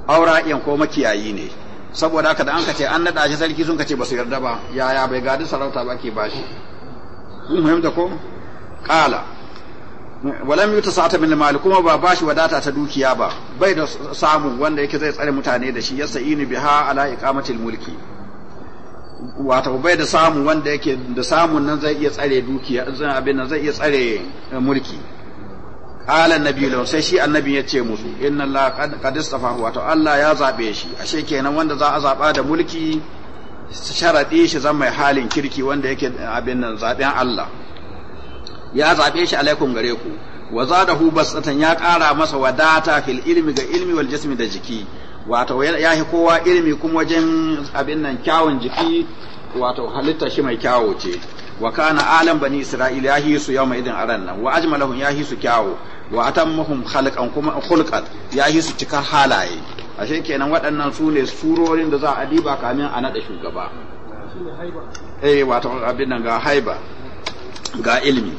aura yan ko makiyayi ne saboda haka da an kace an nada shi sarki sun kace ba su yarda ba yaya bai gadi sarauta ba ke bashi mun fahimta ko kala walam yutasata min mali kuma ba bashi wadata ta dukiya ba bai da samu wanda yake zai tsare mutane da shi yasa'inu biha ala al mulki Wata bai da samu wanda yake da samun nan zai iya tsare dukiya zan abin nan zai iya tsare eh, mulki qala annabi lahu sai shi annabi ya ce musu inna la qad istafahu wato Allah ya zabe shi ashe kenan wanda za a zaba da mulki sharadi shi zan mai halin kirki wanda yake eh, abin nan zaben Allah ya zabe shi alaikum gare ku wa zadahu basatan ya kara masa wadata fil ilmi ga ilmi wal jismi da jiki wato ya yi kowa ilimi kuma wajen abin nan kyawun jiki wato halitta shi mai kyawo ce wa kana alam bani isra'ila ya hisu yau mai idin aran nan wa ajmalahum ya hisu kyawo wa atammahum khalqan kuma khulqat ya hisu cikar halaye ashe kenan waɗannan su ne surorin da za a diba kamin a naɗa shugaba eh wato abin nan ga haiba ga ilimi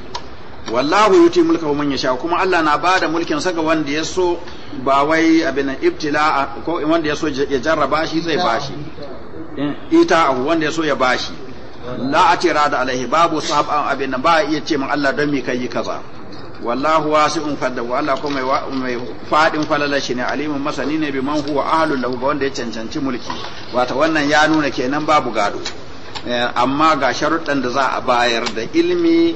wallahu yuti mulka man yasha kuma Allah na bada mulkin sa ga wanda ya so ba wai abin ibtila ko wanda ya so ya jarraba shi zai bashi eh, ita abu wanda ya so ya bashi la atira da alaihi babu sahab abin ba iya ce min Allah don me kai kaza wallahu wasi'un fadda wa Allah ko mai fadin falala shi ne alimun masani ne man huwa ahlul lahu ga wanda ya cancanci mulki wata wannan ya nuna kenan babu gado eh, amma ga sharuɗan da za a bayar da ilmi.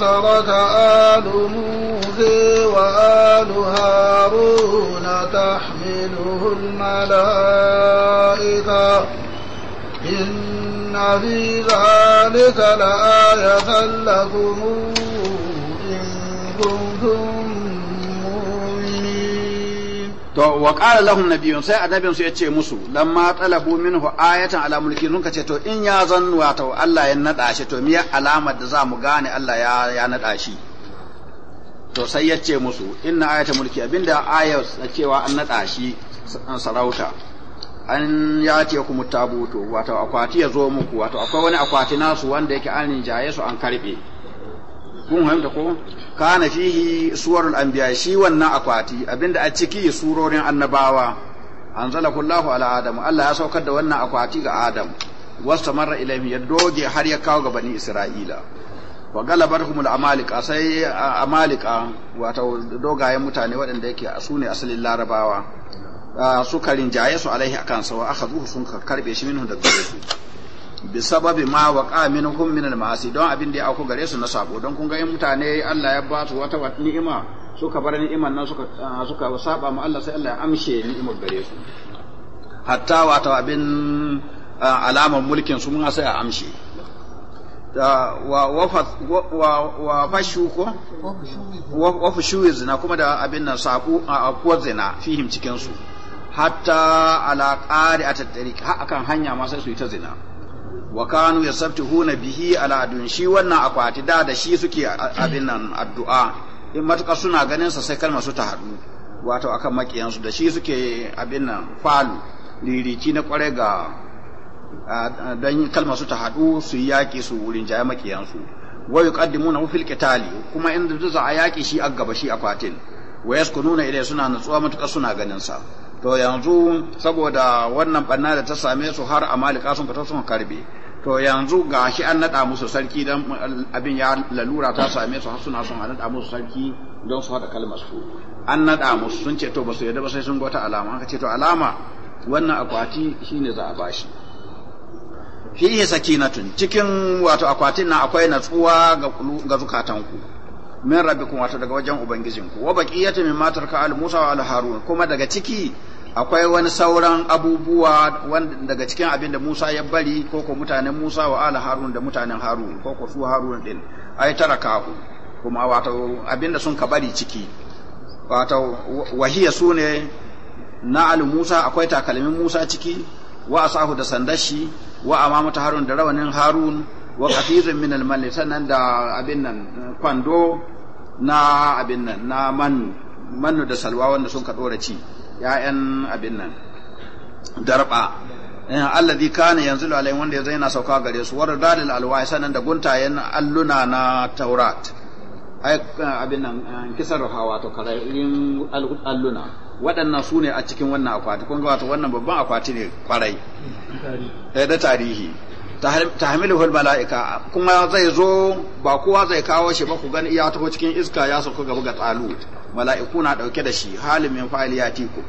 ترك آل موسى وآل هارون تحمله الملائكة إن في ذلك لآية لكم إن كنتم to wa qala lahum nabiyyun sai annabin su ce musu ma talabu minhu ayatan ala mulki sun kace to in ya zan wato Allah ya nada shi to miya alamar da za mu gane Allah ya ya shi to sai ya ce musu inna ayatan mulki abinda ayat cewa an nada shi an sarauta an ya ce ku mutabuto wato akwati ya zo muku wato akwai wani akwati nasu wanda yake an rinjaye su an karbe kun fahimta ko kana fihi suwarul anbiya shi wannan akwati abinda a ciki surorin annabawa anzalahu Allahu ala adam Allah ya saukar da wannan akwati ga Adam wasta marra ilaihi ya doge har ya kawo ga bani Isra'ila wa galabarhum al-amalika sai amalika wato dogayen mutane waɗanda yake su ne asalin larabawa ah, suka rinjaye su alaihi akan sa wa sun karbe shi minhu da su bi sababi ma waqa hum min al-ma'asi don abin da ya auku gare su na sabo don kun ga in mutane Allah ya ba su wata ni'ima suka bar ni'iman nan suka ah, suka saba ma Allah sai Allah ya amshe ni'imar gare su hatta wata abin ah, alamar mulkin su mun sai a amshe wa fashu ko wa fashu zina kuma da abin nan sabo a ah, kuwa zina fihim cikin su hatta ala qari at tariq akan hanya ma sai su yi ta zina wa kanu huna bihi ala adun shi wannan akwati da da shi suke abin nan addu'a in matuƙa suna ganin sa sai kalmar su ta haɗu wato akan makiyansu da shi suke abin nan falu liriki na kware ga don kalmar su ta haɗu su yi yaƙi su wurin jaya makiyansu wa yuqaddimuna fil ƙitali kuma inda za a yaƙi shi a gaba shi akwatin wa yaskununa suna natsuwa matuka suna ganin sa to yanzu saboda wannan banna da ta same su har a malika sun fita sun karbe to yanzu ga shi an naɗa musu sarki don abin ya lalura ta same su har suna son an naɗa musu sarki don su hada kalmar su an naɗa musu sun ce to ba su yadda ba sai sun gota alama aka ce to alama wannan akwati shine za a bashi fihi sakinatun cikin wato akwatin nan akwai natsuwa ga zukatanku min rabbikum wato daga wajen ubangijinku wa baqiyatu mimma tarka al Musa wa al Harun kuma daga ciki akwai wani sauran abubuwa daga cikin abin da Musa ya bari ko ko mutanen Musa wa ala Harun da mutanen Harun ko ko su Harun din ai ku kuma wato abin da sun ka bari ciki wato wahiya sune na al Musa akwai takalmin Musa ciki wa asahu da sandashi wa amamata Harun da rawanin Harun wa qatizun min al sannan da abin nan kwando na abin nan na man mannu da salwa wanda sun ka dora ci ya'yan abin nan darba eh, allazi kana yanzu alai wanda yanzu yana sauka gare su war dalil alwai sanan da guntayen alluna na taurat ai abin nan eh, kisar hawa to kalayin alluna waɗannan su ne a cikin wannan akwati kun ga wato wannan babban akwati ne kwarai da tarihi eh, tahmiluhu mala'ika kuma zai zo ba kowa zai kawo shi ba ku gani ya taho cikin iska ya sauka gaba ga talu mala'iku na dauke da shi halin min fa'iliyatiku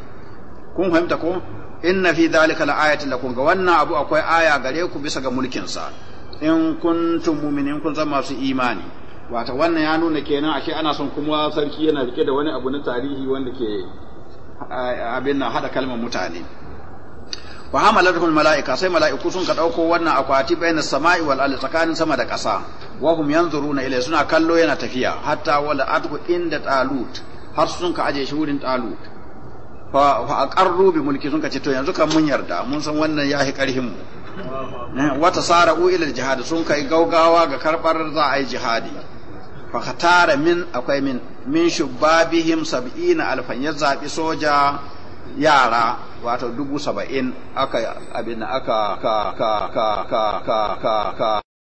kun fahimta ko inna fi dhalika la'ayatin lakum ga wannan abu akwai aya gare ku bisa ga mulkin sa in kuntum mu'minin kun zama su imani wata wannan ya nuna kenan ashe ana son kuma sarki yana rike da wani abu na tarihi wanda ke abin nan hada kalmar mutane fa hamalatul malaika sai malaiku sun ka dauko wannan akwati bayna samai wal ardi tsakanin sama da kasa wa hum yanzuruna ilai suna kallo yana tafiya hatta wala atku inda talut har sun ka aje shi wurin talut fa fa aqarru bi mulki sun ka ce to yanzu kan mun yarda mun san wannan yahi karhin mu eh, wata sara'u ilal jihad sun kai gaugawa ga karbar za a yi jihadi khatara min akwai min min shubabihim sab'ina alfan ya zaɓi soja yara wato dubu saba'in aka abin aka ka ka ka ka ka ka